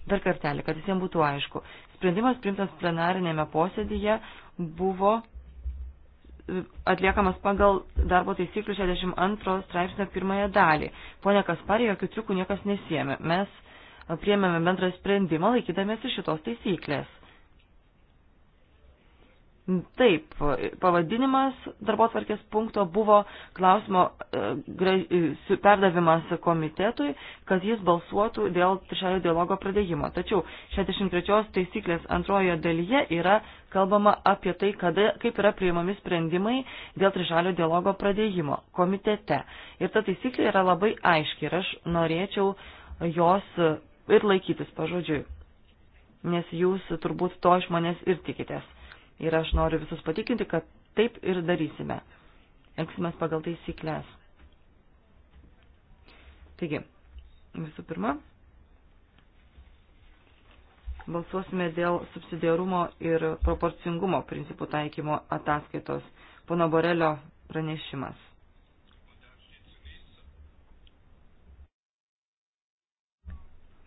B: Dar kartelį, kad visiems būtų aišku. Sprendimas primtas plenarinėme posėdėje buvo atliekamas pagal darbo taisyklių 62 straipsnio pirmąją dalį. Pone Kaspar, jokių triukų niekas nesiemė. Mes priemėme bendrą sprendimą laikydamėsi šitos taisyklės. Taip, pavadinimas darbo tvarkės punkto buvo klausimo e, e, perdavimas komitetui, kad jis balsuotų dėl trišalio dialogo pradėjimo. Tačiau 63 taisyklės antrojoje dalyje yra kalbama apie tai, kada, kaip yra priimami sprendimai dėl trišalio dialogo pradėjimo komitete. Ir ta taisyklė yra labai aiški ir aš norėčiau jos ir laikytis pažodžiui, nes jūs turbūt to iš manęs ir tikitės. Ir aš noriu visus patikinti, kad taip ir darysime. Elgsimės pagal taisyklės. Taigi, visų pirma, balsuosime dėl subsidiarumo ir proporcingumo principų taikymo ataskaitos. Pono Borelio pranešimas.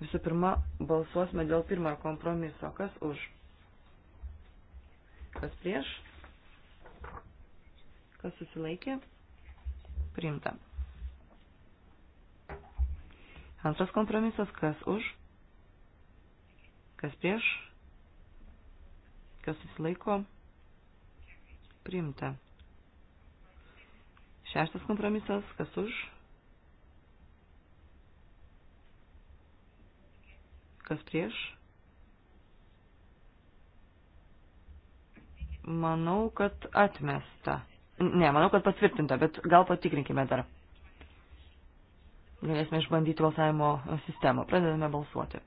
B: Visų pirma, balsuosime dėl pirmojo kompromiso. Kas už? Kas prieš? Kas susilaikė? Priimta. Antras kompromisas, kas už, kas prieš, kas susilaiko, priimta. Šeštas kompromisas, kas už, kas prieš, Manau, kad atmesta. Ne, manau, kad patvirtinta, bet gal patikrinkime dar. Galėsime išbandyti balsavimo sistemą. Pradedame balsuoti.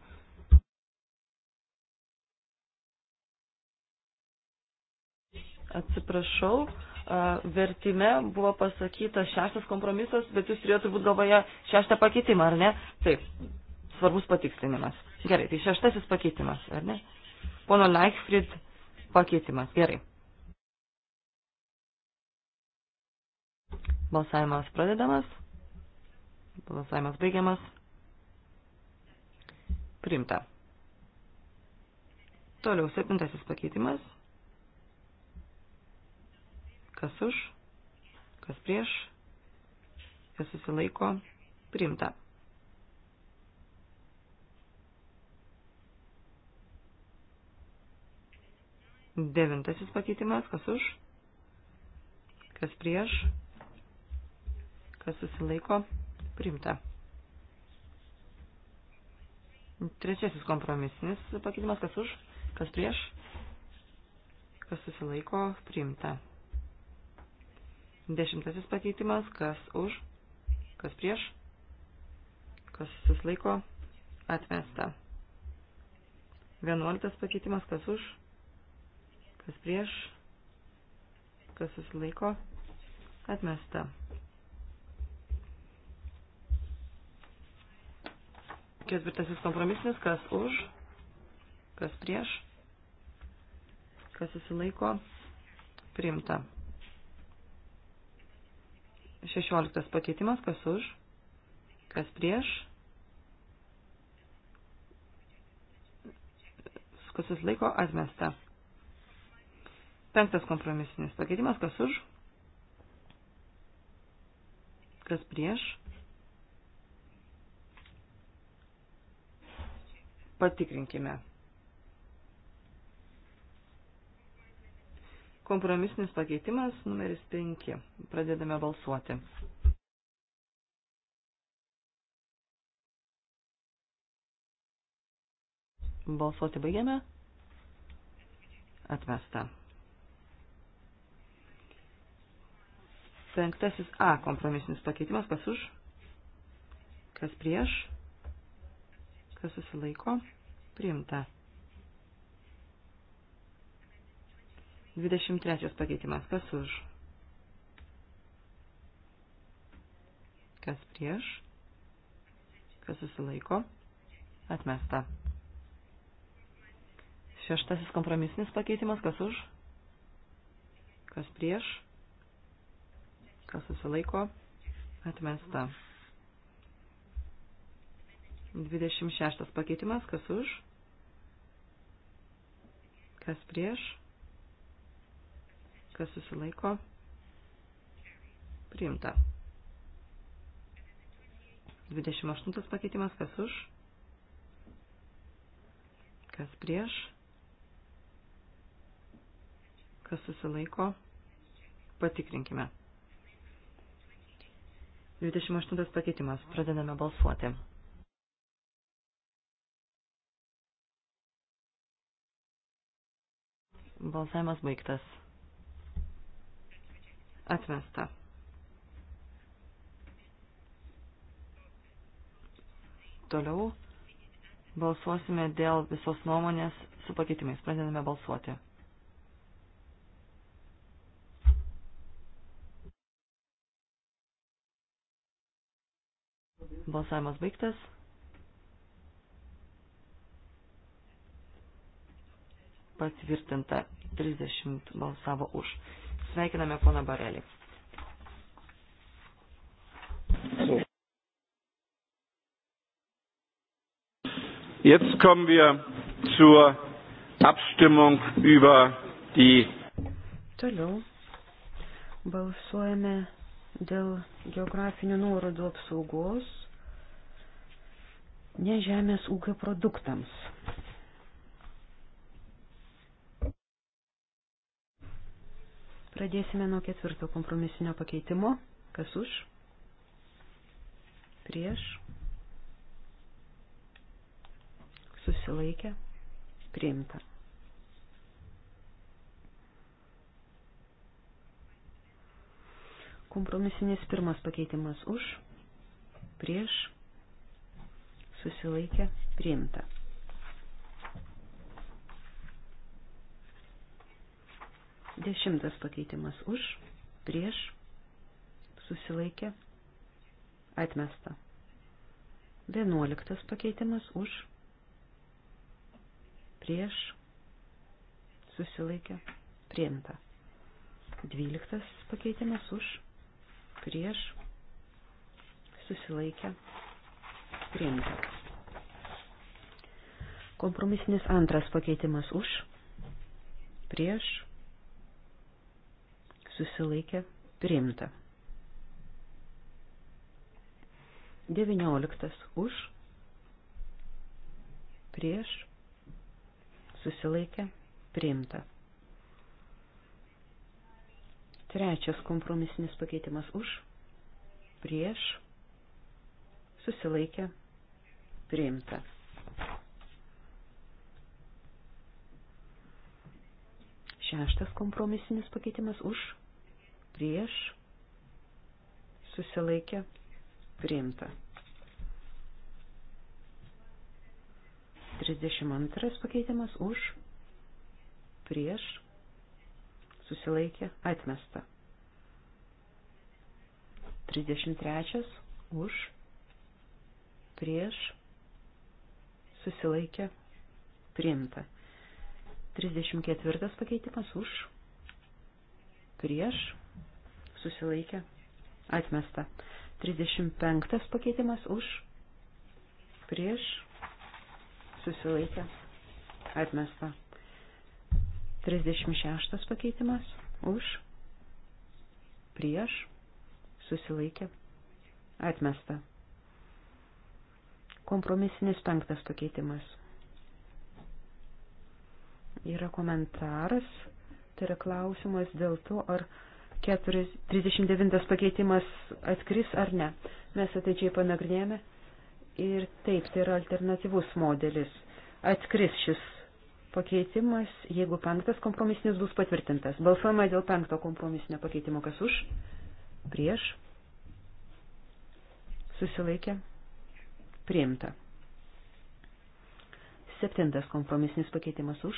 B: Atsiprašau, vertime buvo pasakytas šeštas kompromisas, bet jūs turėjote turbūt galvoje šeštą pakeitimą, ar ne? Taip, svarbus patikslinimas. Gerai, tai šeštasis pakeitimas, ar ne? Pono Leichfried pakeitimas. Gerai. Balsavimas pradedamas. Balsavimas baigiamas. Primta. Toliau septintasis pakeitimas. Kas už, kas prieš, kas susilaiko, primta. Devintasis pakeitimas, kas už, kas prieš, kas susilaiko, primta. Trečiasis kompromisinis pakeitimas, kas už, kas prieš, kas susilaiko, priimta. Dešimtasis pakeitimas, kas už, kas prieš, kas susilaiko, atmesta. Vienuoliktas pakeitimas, kas už, kas prieš, kas susilaiko, atmesta. Ketvirtasis kompromisinis, kas už, kas prieš, kas susilaiko, priimta. Šešioliktas pakeitimas, kas už, kas prieš, kas susilaiko, atmesta. Penktas kompromisinis pakeitimas, kas už, kas prieš. Patikrinkime. Kompromisinis pakeitimas numeris 5. Pradedame balsuoti. Balsuoti baigiame. Atmesta. Penktasis A kompromisinis pakeitimas, kas už, kas prieš, kas susilaiko, priimta. 23 pakeitimas, kas už, kas prieš, kas susilaiko, atmesta. Šeštasis kompromisinis pakeitimas, kas už, kas prieš, kas susilaiko, atmesta. 26 pakeitimas, kas už, kas prieš, kas susilaiko, priimta. 28 pakeitimas, kas už, kas prieš, kas susilaiko, patikrinkime. 28 pakeitimas. Pradedame balsuoti. Balsavimas baigtas. Atmesta. Toliau balsuosime dėl visos nuomonės su pakeitimais. Pradedame balsuoti. Balsavimas baigtas. Patvirtinta 30 balsavo už. Sveikiname poną Barelį.
A: Jetzt kommen wir zur Abstimmung über die.
C: Toliau balsuojame dėl geografinių nuorodų apsaugos ne žemės ūkio produktams. Pradėsime nuo ketvirto kompromisinio pakeitimo. Kas už? Prieš? Susilaikę? Priimta. Kompromisinis pirmas pakeitimas už? Prieš? susilaikė, priimta. Dešimtas pakeitimas už, prieš, susilaikė, atmesta. Vienuoliktas pakeitimas už, prieš, susilaikė, priimta. Dvyliktas pakeitimas už, prieš, susilaikė, priimta. Kompromisinis antras pakeitimas už, prieš, susilaikė, priimta. 19 už, prieš, susilaikė, priimta. Trečias kompromisinis pakeitimas už, prieš, susilaikė, priimta. Šeštas kompromisinis pakeitimas už, prieš, susilaikė, priimta. 32 pakeitimas už, prieš, susilaikė, atmesta. 33 už, prieš, susilaikė, priimta. 34 pakeitimas už, prieš, susilaikė, atmesta. 35 pakeitimas už, prieš, susilaikė, atmesta. 36 pakeitimas už, prieš, susilaikė, atmesta. Kompromisinis penktas pakeitimas Yra komentaras, tai yra klausimas dėl to, ar 39 pakeitimas atkris ar ne. Mes ateičiai panagrinėjame ir taip, tai yra alternatyvus modelis. Atkris šis pakeitimas, jeigu penktas kompromisinis bus patvirtintas. Balsuojama dėl penkto kompromisinio pakeitimo, kas už, prieš, susilaikė, priimta. Septintas kompromisinis pakeitimas už,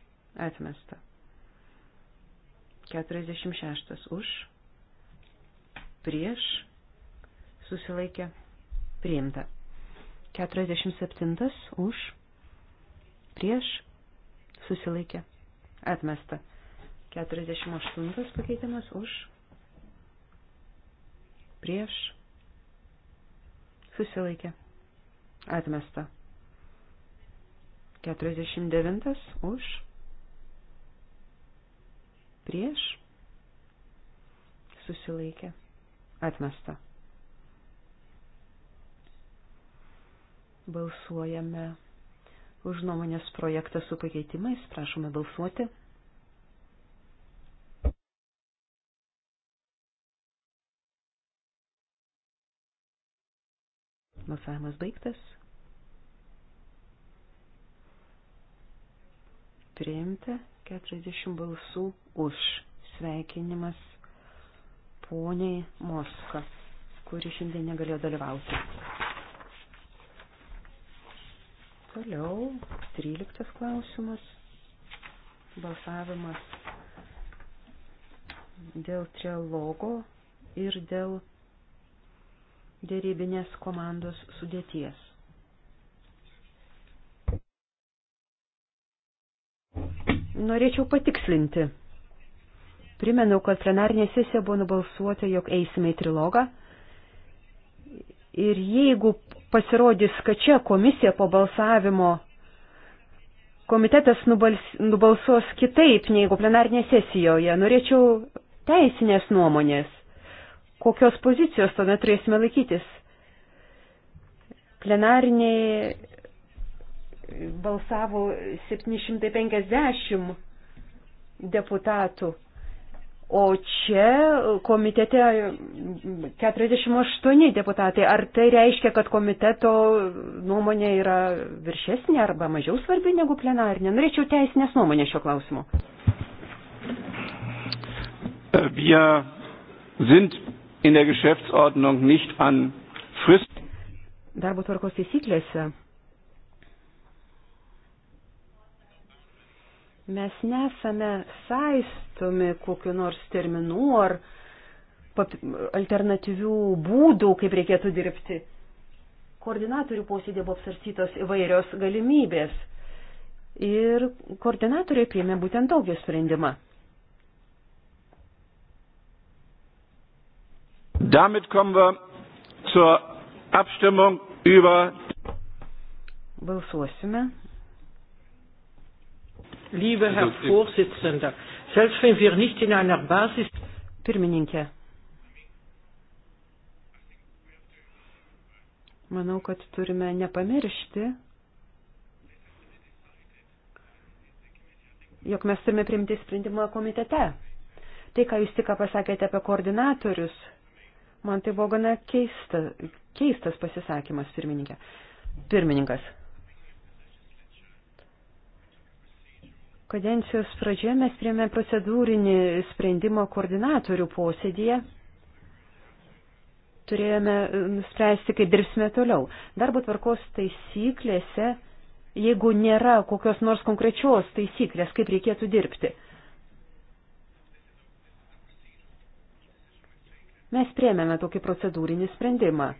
C: Atmesta. 46 už. Prieš. Susilaikė. Priimta. 47 už. Prieš. Susilaikė. Atmesta. 48 pakeitimas už. Prieš. Susilaikė. Atmesta. 49 už prieš, susilaikė, atmesta. Balsuojame už
B: nuomonės projektą su pakeitimais, prašome balsuoti.
C: Balsavimas baigtas. Priimta 40 balsų už. Sveikinimas poniai Moska, kuri šiandien negalėjo dalyvauti. Toliau, 13 klausimas. Balsavimas dėl trialogo ir dėl dėrybinės komandos sudėties. Norėčiau patikslinti. Primenu, kad plenarinė sesija buvo nubalsuota, jog eisime į trilogą. Ir jeigu pasirodys, kad čia komisija po balsavimo komitetas nubals, nubalsuos kitaip negu plenarinė sesijoje, norėčiau teisinės nuomonės. Kokios pozicijos tuomet turėsime laikytis? Plenarinėje balsavo 750 deputatų, o čia komitete 48 deputatai. Ar tai reiškia, kad komiteto nuomonė yra viršesnė arba mažiau svarbi negu plenarinė? Norėčiau teisinės nuomonės šio klausimo.
A: Wir sind in der Geschäftsordnung nicht an Frist.
C: Darbo tvarkos teisyklėse Mes nesame saistumi kokiu nors terminu ar alternatyvių būdų, kaip reikėtų dirbti. Koordinatorių posėdė buvo apsarstytos įvairios galimybės ir koordinatoriai priėmė būtent tokį sprendimą.
A: Damit kommen wir zur Abstimmung über.
C: Balsuosime
A: Liebe Herr Vorsitzender, selbst wenn wir nicht in
C: einer Basis. Pirmininkė. Manau, kad turime nepamiršti, jog mes turime priimti sprendimą komitete. Tai, ką jūs tik pasakėte apie koordinatorius, man tai buvo gana keista, keistas pasisakymas, pirmininkė. Pirmininkas. Kadencijos pradžioje mes priėmė procedūrinį sprendimą koordinatorių posėdėje. Turėjome e, nuspręsti, kaip dirbsime toliau. Darbo tvarkos taisyklėse, jeigu nėra kokios nors konkrečios taisyklės, kaip reikėtų dirbti. Mes priėmėme tokį procedūrinį sprendimą.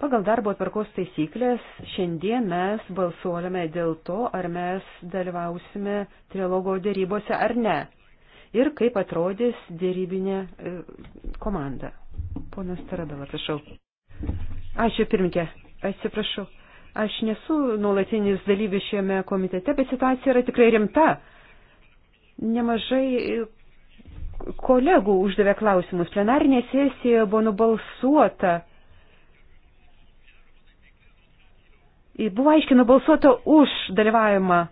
C: Pagal darbo tvarkos taisyklės šiandien mes balsuojame dėl to, ar mes dalyvausime trilogo dėrybose ar ne. Ir kaip atrodys dėrybinė e, komanda. Ponas Taradala, prašau. Ačiū pirmkė, atsiprašau. Aš nesu nuolatinis dalyvis šiame komitete, bet situacija yra tikrai rimta. Nemažai e, kolegų uždavė klausimus. Plenarinė sesija buvo nubalsuota Buvo aiškiai nubalsuota už dalyvavimą e,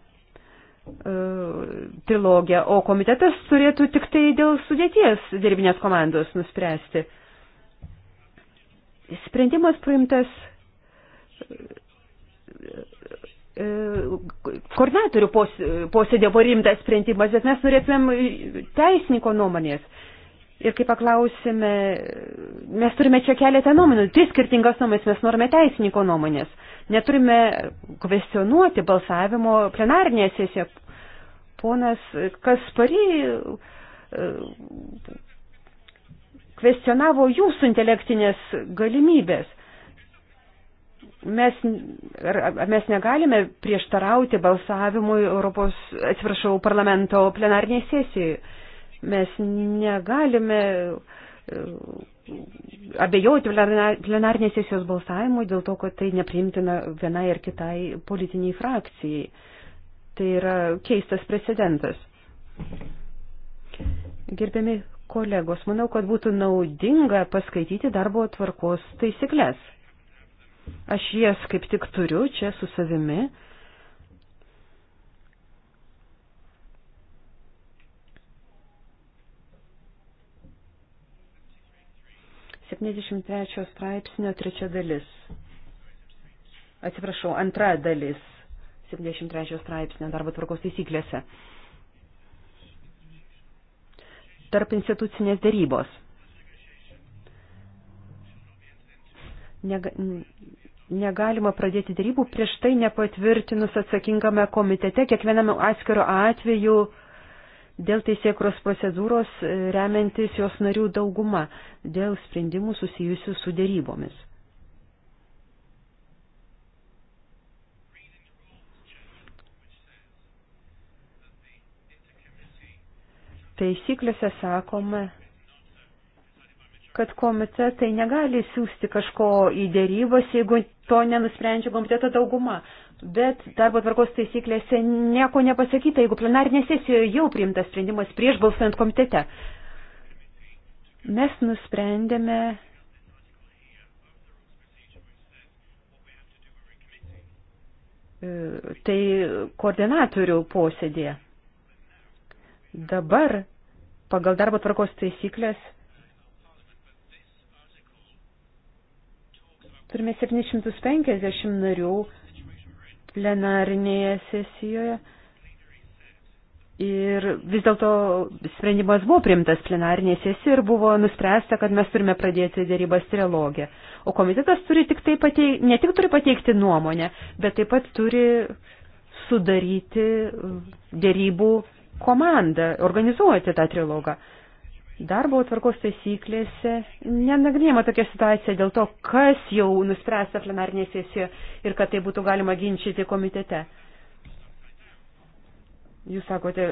C: trilogiją, o komitetas turėtų tik tai dėl sudėties dirbinės komandos nuspręsti. Sprendimas priimtas e, koordinatorių posėdė buvo rimtas sprendimas, bet mes norėtumėm teisininko nuomonės. Ir kai paklausime, mes turime čia keletą nuomonių, tris skirtingas nuomonės, mes norime teisininko nuomonės neturime kvestionuoti balsavimo plenarnėje sesijoje. Ponas Kaspary e, kvestionavo jūsų intelektinės galimybės. Mes, mes negalime prieštarauti balsavimui Europos, atsiprašau, parlamento plenarnėje sesijoje. Mes negalime e, abejoti plenarnės sesijos balsavimui dėl to, kad tai nepriimtina vienai ar kitai politiniai frakcijai. Tai yra keistas precedentas. Gerbiami kolegos, manau, kad būtų naudinga paskaityti darbo tvarkos taisyklės. Aš jas kaip tik turiu čia su savimi. 73 straipsnio trečia dalis. Atsiprašau, antra dalis 73 straipsnio darbo tvarkos taisyklėse. Tarp institucinės darybos. Nega, negalima pradėti darybų prieš tai nepatvirtinus atsakingame komitete kiekviename atskiro atveju uh, dėl teisėkros procedūros e, remiantis jos narių dauguma, dėl sprendimų susijusių su dėrybomis. Taisyklėse sakome, kad komitetai negali siūsti kažko į dėrybas, jeigu to nenusprendžia komiteto dauguma. Bet darbo tvarkos taisyklėse nieko nepasakyta, jeigu plenarinė sesijoje jau priimtas sprendimas prieš balsuojant komitete. Mes nusprendėme. Tai koordinatorių posėdėje. Dabar pagal darbo tvarkos taisyklės turime 750 narių plenarinėje sesijoje. Ir vis dėlto sprendimas buvo priimtas plenarinė sesija ir buvo nuspręsta, kad mes turime pradėti dėrybas trilogę. O komitetas turi tik tai pateik, ne tik turi pateikti nuomonę, bet taip pat turi sudaryti dėrybų komandą, organizuoti tą trilogą. Darbo tvarkos taisyklėse nenagrinėjama tokia situacija dėl to, kas jau nuspręsta plenarinė sesija ir kad tai būtų galima ginčyti komitete. Jūs sakote,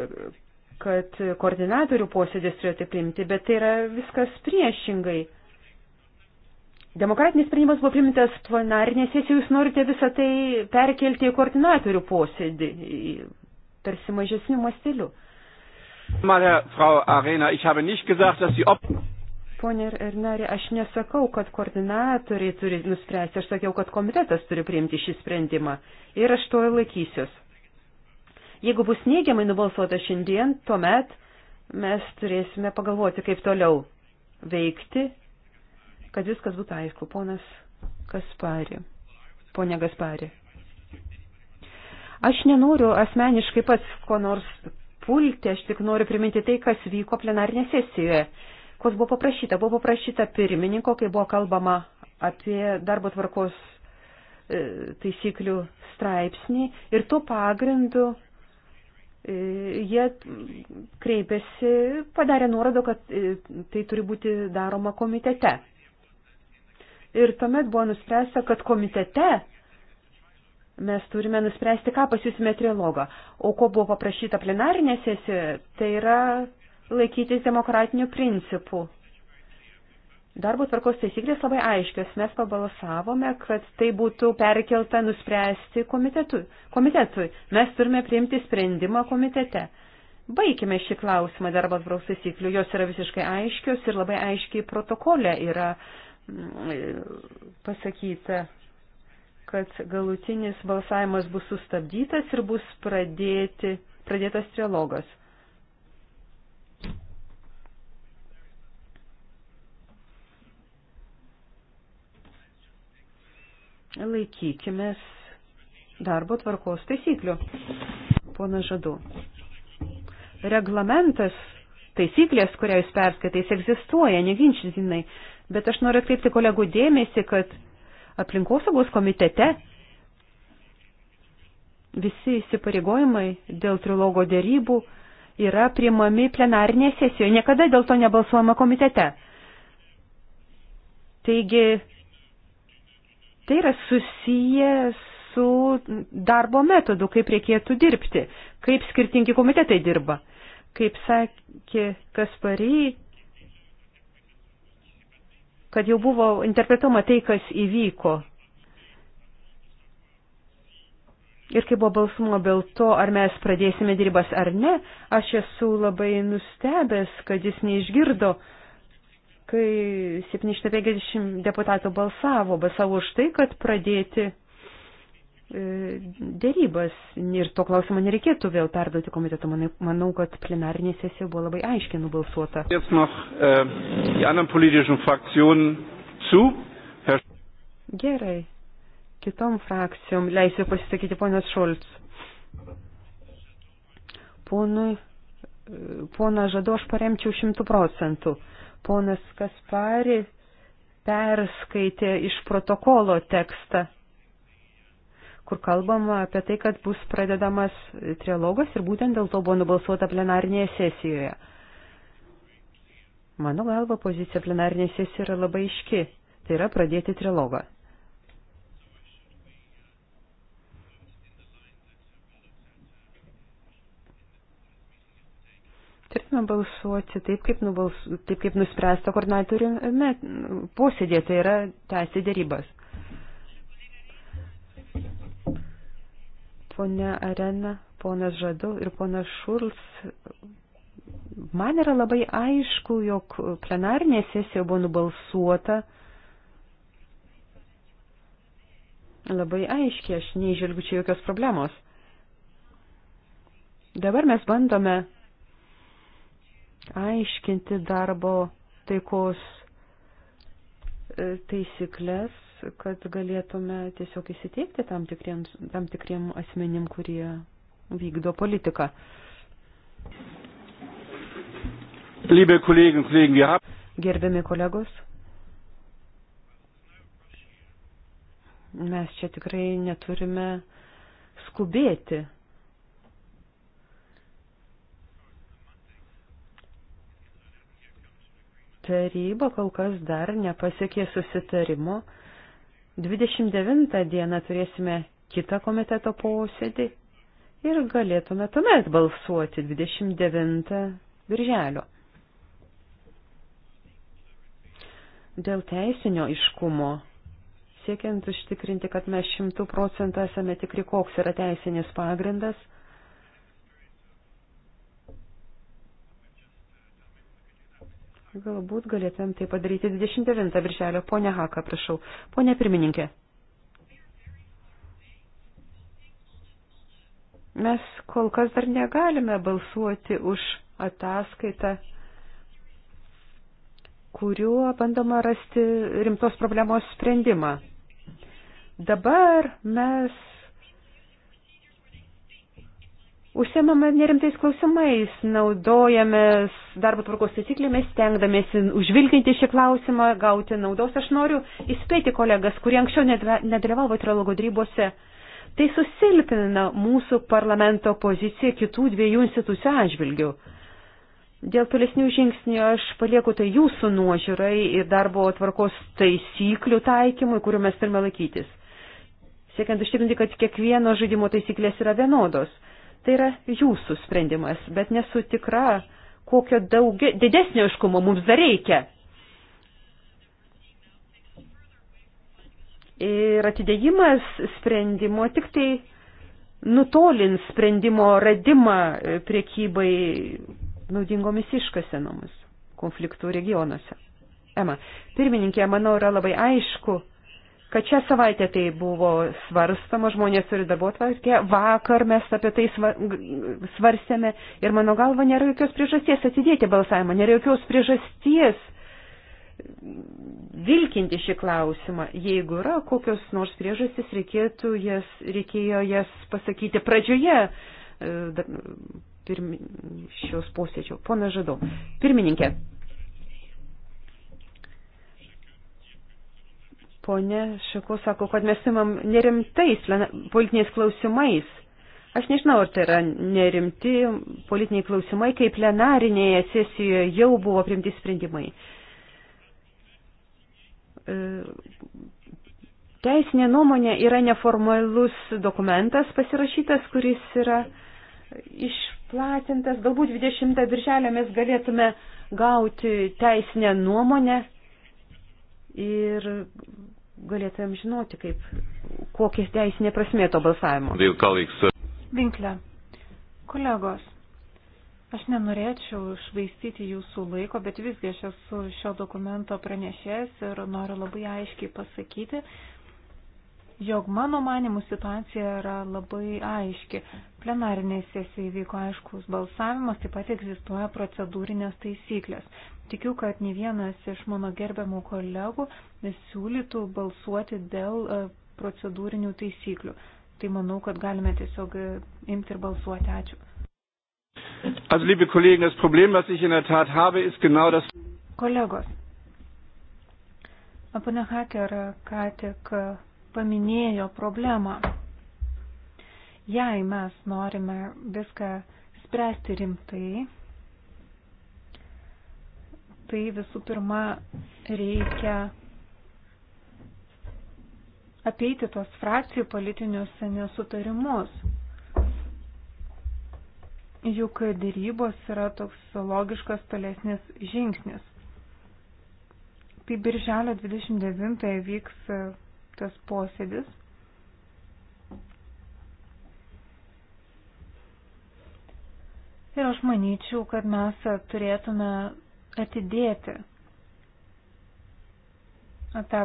C: kad koordinatorių posėdės turėtų tai priimti, bet tai yra viskas priešingai. Demokratinis sprendimas buvo priimtas plenarinės sesijos, jūs norite visą tai perkelti į koordinatorių posėdį, tarsi mažesnių mastelių. Pone Ernari, aš nesakau, kad koordinatoriai turi nuspręsti, aš sakiau, kad komitetas turi priimti šį sprendimą ir aš to laikysiuos. Jeigu bus neigiamai nubalsuota šiandien, tuomet mes turėsime pagalvoti, kaip toliau veikti, kad viskas būtų aišku. Ponas Kaspari. Pone Gaspari. Aš nenoriu asmeniškai pats ko nors pulti, aš tik noriu priminti tai, kas vyko plenarinė sesijoje. Kos buvo paprašyta? Buvo paprašyta pirmininko, kai buvo kalbama apie darbo tvarkos e, taisyklių straipsnį ir tuo pagrindu e, jie kreipėsi, padarė nuorodą, kad e, tai turi būti daroma komitete. Ir tuomet buvo nuspręsta, kad komitete mes turime nuspręsti, ką pasiūsime trilogą. O ko buvo paprašyta plenarinė sesija, tai yra laikytis demokratinių principų. Darbo tvarkos taisyklės labai aiškios. Mes pabalsavome, kad tai būtų perkelta nuspręsti komitetui. komitetui. Mes turime priimti sprendimą komitete. Baikime šį klausimą darbo tvarkos taisyklių. Jos yra visiškai aiškios ir labai aiškiai protokole yra mm, pasakyta kad galutinis balsavimas bus sustabdytas ir bus pradėti, pradėtas trialogas. Laikykime darbo tvarkos taisyklių. Pona Žadu. Reglamentas, taisyklės, kurią jūs perskaitais, egzistuoja, neginčytinai. Bet aš noriu atkreipti kolegų dėmesį, kad aplinkosaugos komitete visi įsipareigojimai dėl trilogo dėrybų yra priimami plenarinėje sesijoje, niekada dėl to nebalsuojama komitete. Taigi, tai yra susiję su darbo metodu, kaip reikėtų dirbti, kaip skirtingi komitetai dirba. Kaip sakė Kaspary, kad jau buvo interpretuoma tai, kas įvyko. Ir kai buvo balsumo dėl to, ar mes pradėsime dirbas ar ne, aš esu labai nustebęs, kad jis neišgirdo, kai 750 deputatų balsavo, balsavo už tai, kad pradėti E, dėrybas ir to klausimo nereikėtų vėl perduoti komiteto. Manau, kad plenarinė sesija buvo labai aiškiai nubalsuota. Äh, Gerai. Kitom frakcijom leisiu pasisakyti ponas Šolc. Ponui, e, pona Žado aš paremčiau šimtų procentų. Ponas Kaspari perskaitė iš protokolo tekstą kur kalbama apie tai, kad bus pradedamas trialogas ir būtent dėl to buvo nubalsuota plenarinėje sesijoje. Mano galva, pozicija plenarinėje sesijoje yra labai iški. Tai yra pradėti trilogą. turėtume balsuoti taip, kaip, nubals, taip, kaip nuspręsta koordinatorių posėdė, tai yra tęsti dėrybas. Pone Arena, ponas Žadu ir ponas Šulc, man yra labai aišku, jog plenarinė sesija buvo nubalsuota. Labai aiškiai, aš neižvelgiu čia jokios problemos. Dabar mes bandome aiškinti darbo taikos taisyklės, kad galėtume tiesiog įsiteikti tam tikriem, tam tikriem asmenim, kurie vykdo politiką. Gerbiami kolegos, mes čia tikrai neturime skubėti taryba kol kas dar nepasiekė susitarimo. 29 dieną turėsime kitą komiteto posėdį ir galėtume tuomet balsuoti 29 birželio. Dėl teisinio iškumo, siekiant užtikrinti, kad mes šimtų procentų esame tikri, koks yra teisinis pagrindas, Galbūt galėtumėm tai padaryti 29 birželio. Pone Haka, prašau. Pone pirmininkė. Mes kol kas dar negalime balsuoti už ataskaitą, kuriuo bandoma rasti rimtos problemos sprendimą. Dabar mes Užsiemame nerimtais klausimais, naudojamės darbo tvarkos taisyklėmis, stengdamėsi užvilkinti šį klausimą, gauti naudos. Aš noriu įspėti kolegas, kurie anksčiau nedalyvavo trilogo drybose. Tai susilpina mūsų parlamento poziciją kitų dviejų institucijų atžvilgių. Dėl tolesnių žingsnių aš palieku tai jūsų nuožiūrai ir darbo tvarkos taisyklių taikymui, kurių mes turime laikytis. Siekiant užtikrinti, kad kiekvieno žaidimo taisyklės yra vienodos Tai yra jūsų sprendimas, bet nesu tikra, kokio daugia, didesnio iškumo mums dar reikia. Ir atidėjimas sprendimo tik tai nutolins sprendimo radimą priekybai naudingomis iškasenomis konfliktų regionuose. Ema, pirmininkė, manau, yra labai aišku, kad šią savaitę tai buvo svarstama, žmonės turi darbo atvarkę, vakar mes apie tai svarstėme ir mano galva nėra jokios priežasties atidėti balsavimą, nėra jokios priežasties vilkinti šį klausimą. Jeigu yra kokios nors priežastys, reikėtų jas, reikėjo jas pasakyti pradžioje e, pirmi, šios posėdžio. Pona Žadau, pirmininkė. Pone Šaku sako, kad mes imam nerimtais politiniais klausimais. Aš nežinau, ar tai yra nerimti politiniai klausimai, kai plenarinėje sesijoje jau buvo primti sprendimai. E, teisinė nuomonė yra neformalus dokumentas pasirašytas, kuris yra išplatintas. Galbūt 20 birželio mes galėtume gauti teisinę nuomonę ir galėtumėm žinoti, kaip, kokia teisinė prasmė to balsavimo.
A: Uh,
C: Vinklė.
D: Kolegos, aš nenorėčiau švaistyti jūsų laiko, bet visgi aš esu šio dokumento pranešęs ir noriu labai aiškiai pasakyti, jog mano manimų situacija yra labai aiški. Plenarinė sesija įvyko aiškus balsavimas, taip pat egzistuoja procedūrinės taisyklės. Tikiu, kad ne vienas iš mano gerbiamų kolegų siūlytų balsuoti dėl e, procedūrinių taisyklių. Tai manau, kad galime tiesiog e, imti ir balsuoti. Ačiū.
A: Also, liebe Kollegen, das Problem, was ich in der Tat habe, ist genau das.
D: Kolegos, Pane Haker ką tik paminėjo problemą. Jei mes norime viską spręsti rimtai, tai visų pirma reikia apeiti tos frakcijų politinius nesutarimus. Juk dėrybos yra toks logiškas tolesnis žingsnis. Tai birželio 29 vyks e, tas posėdis. Ir aš manyčiau, kad mes turėtume atidėti tą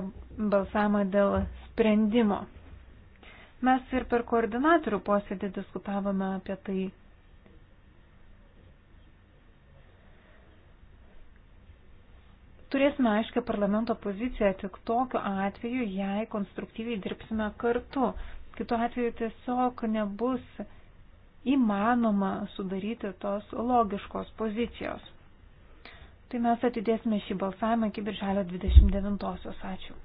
D: balsavimą dėl sprendimo. Mes ir per koordinatorių posėdį diskutavome apie tai. Turėsime aiškę parlamento poziciją tik tokiu atveju, jei konstruktyviai dirbsime kartu. Kitu atveju tiesiog nebus įmanoma sudaryti tos logiškos pozicijos. Tai mes atidėsime šį balsavimą iki birželio 29-osios. Ačiū.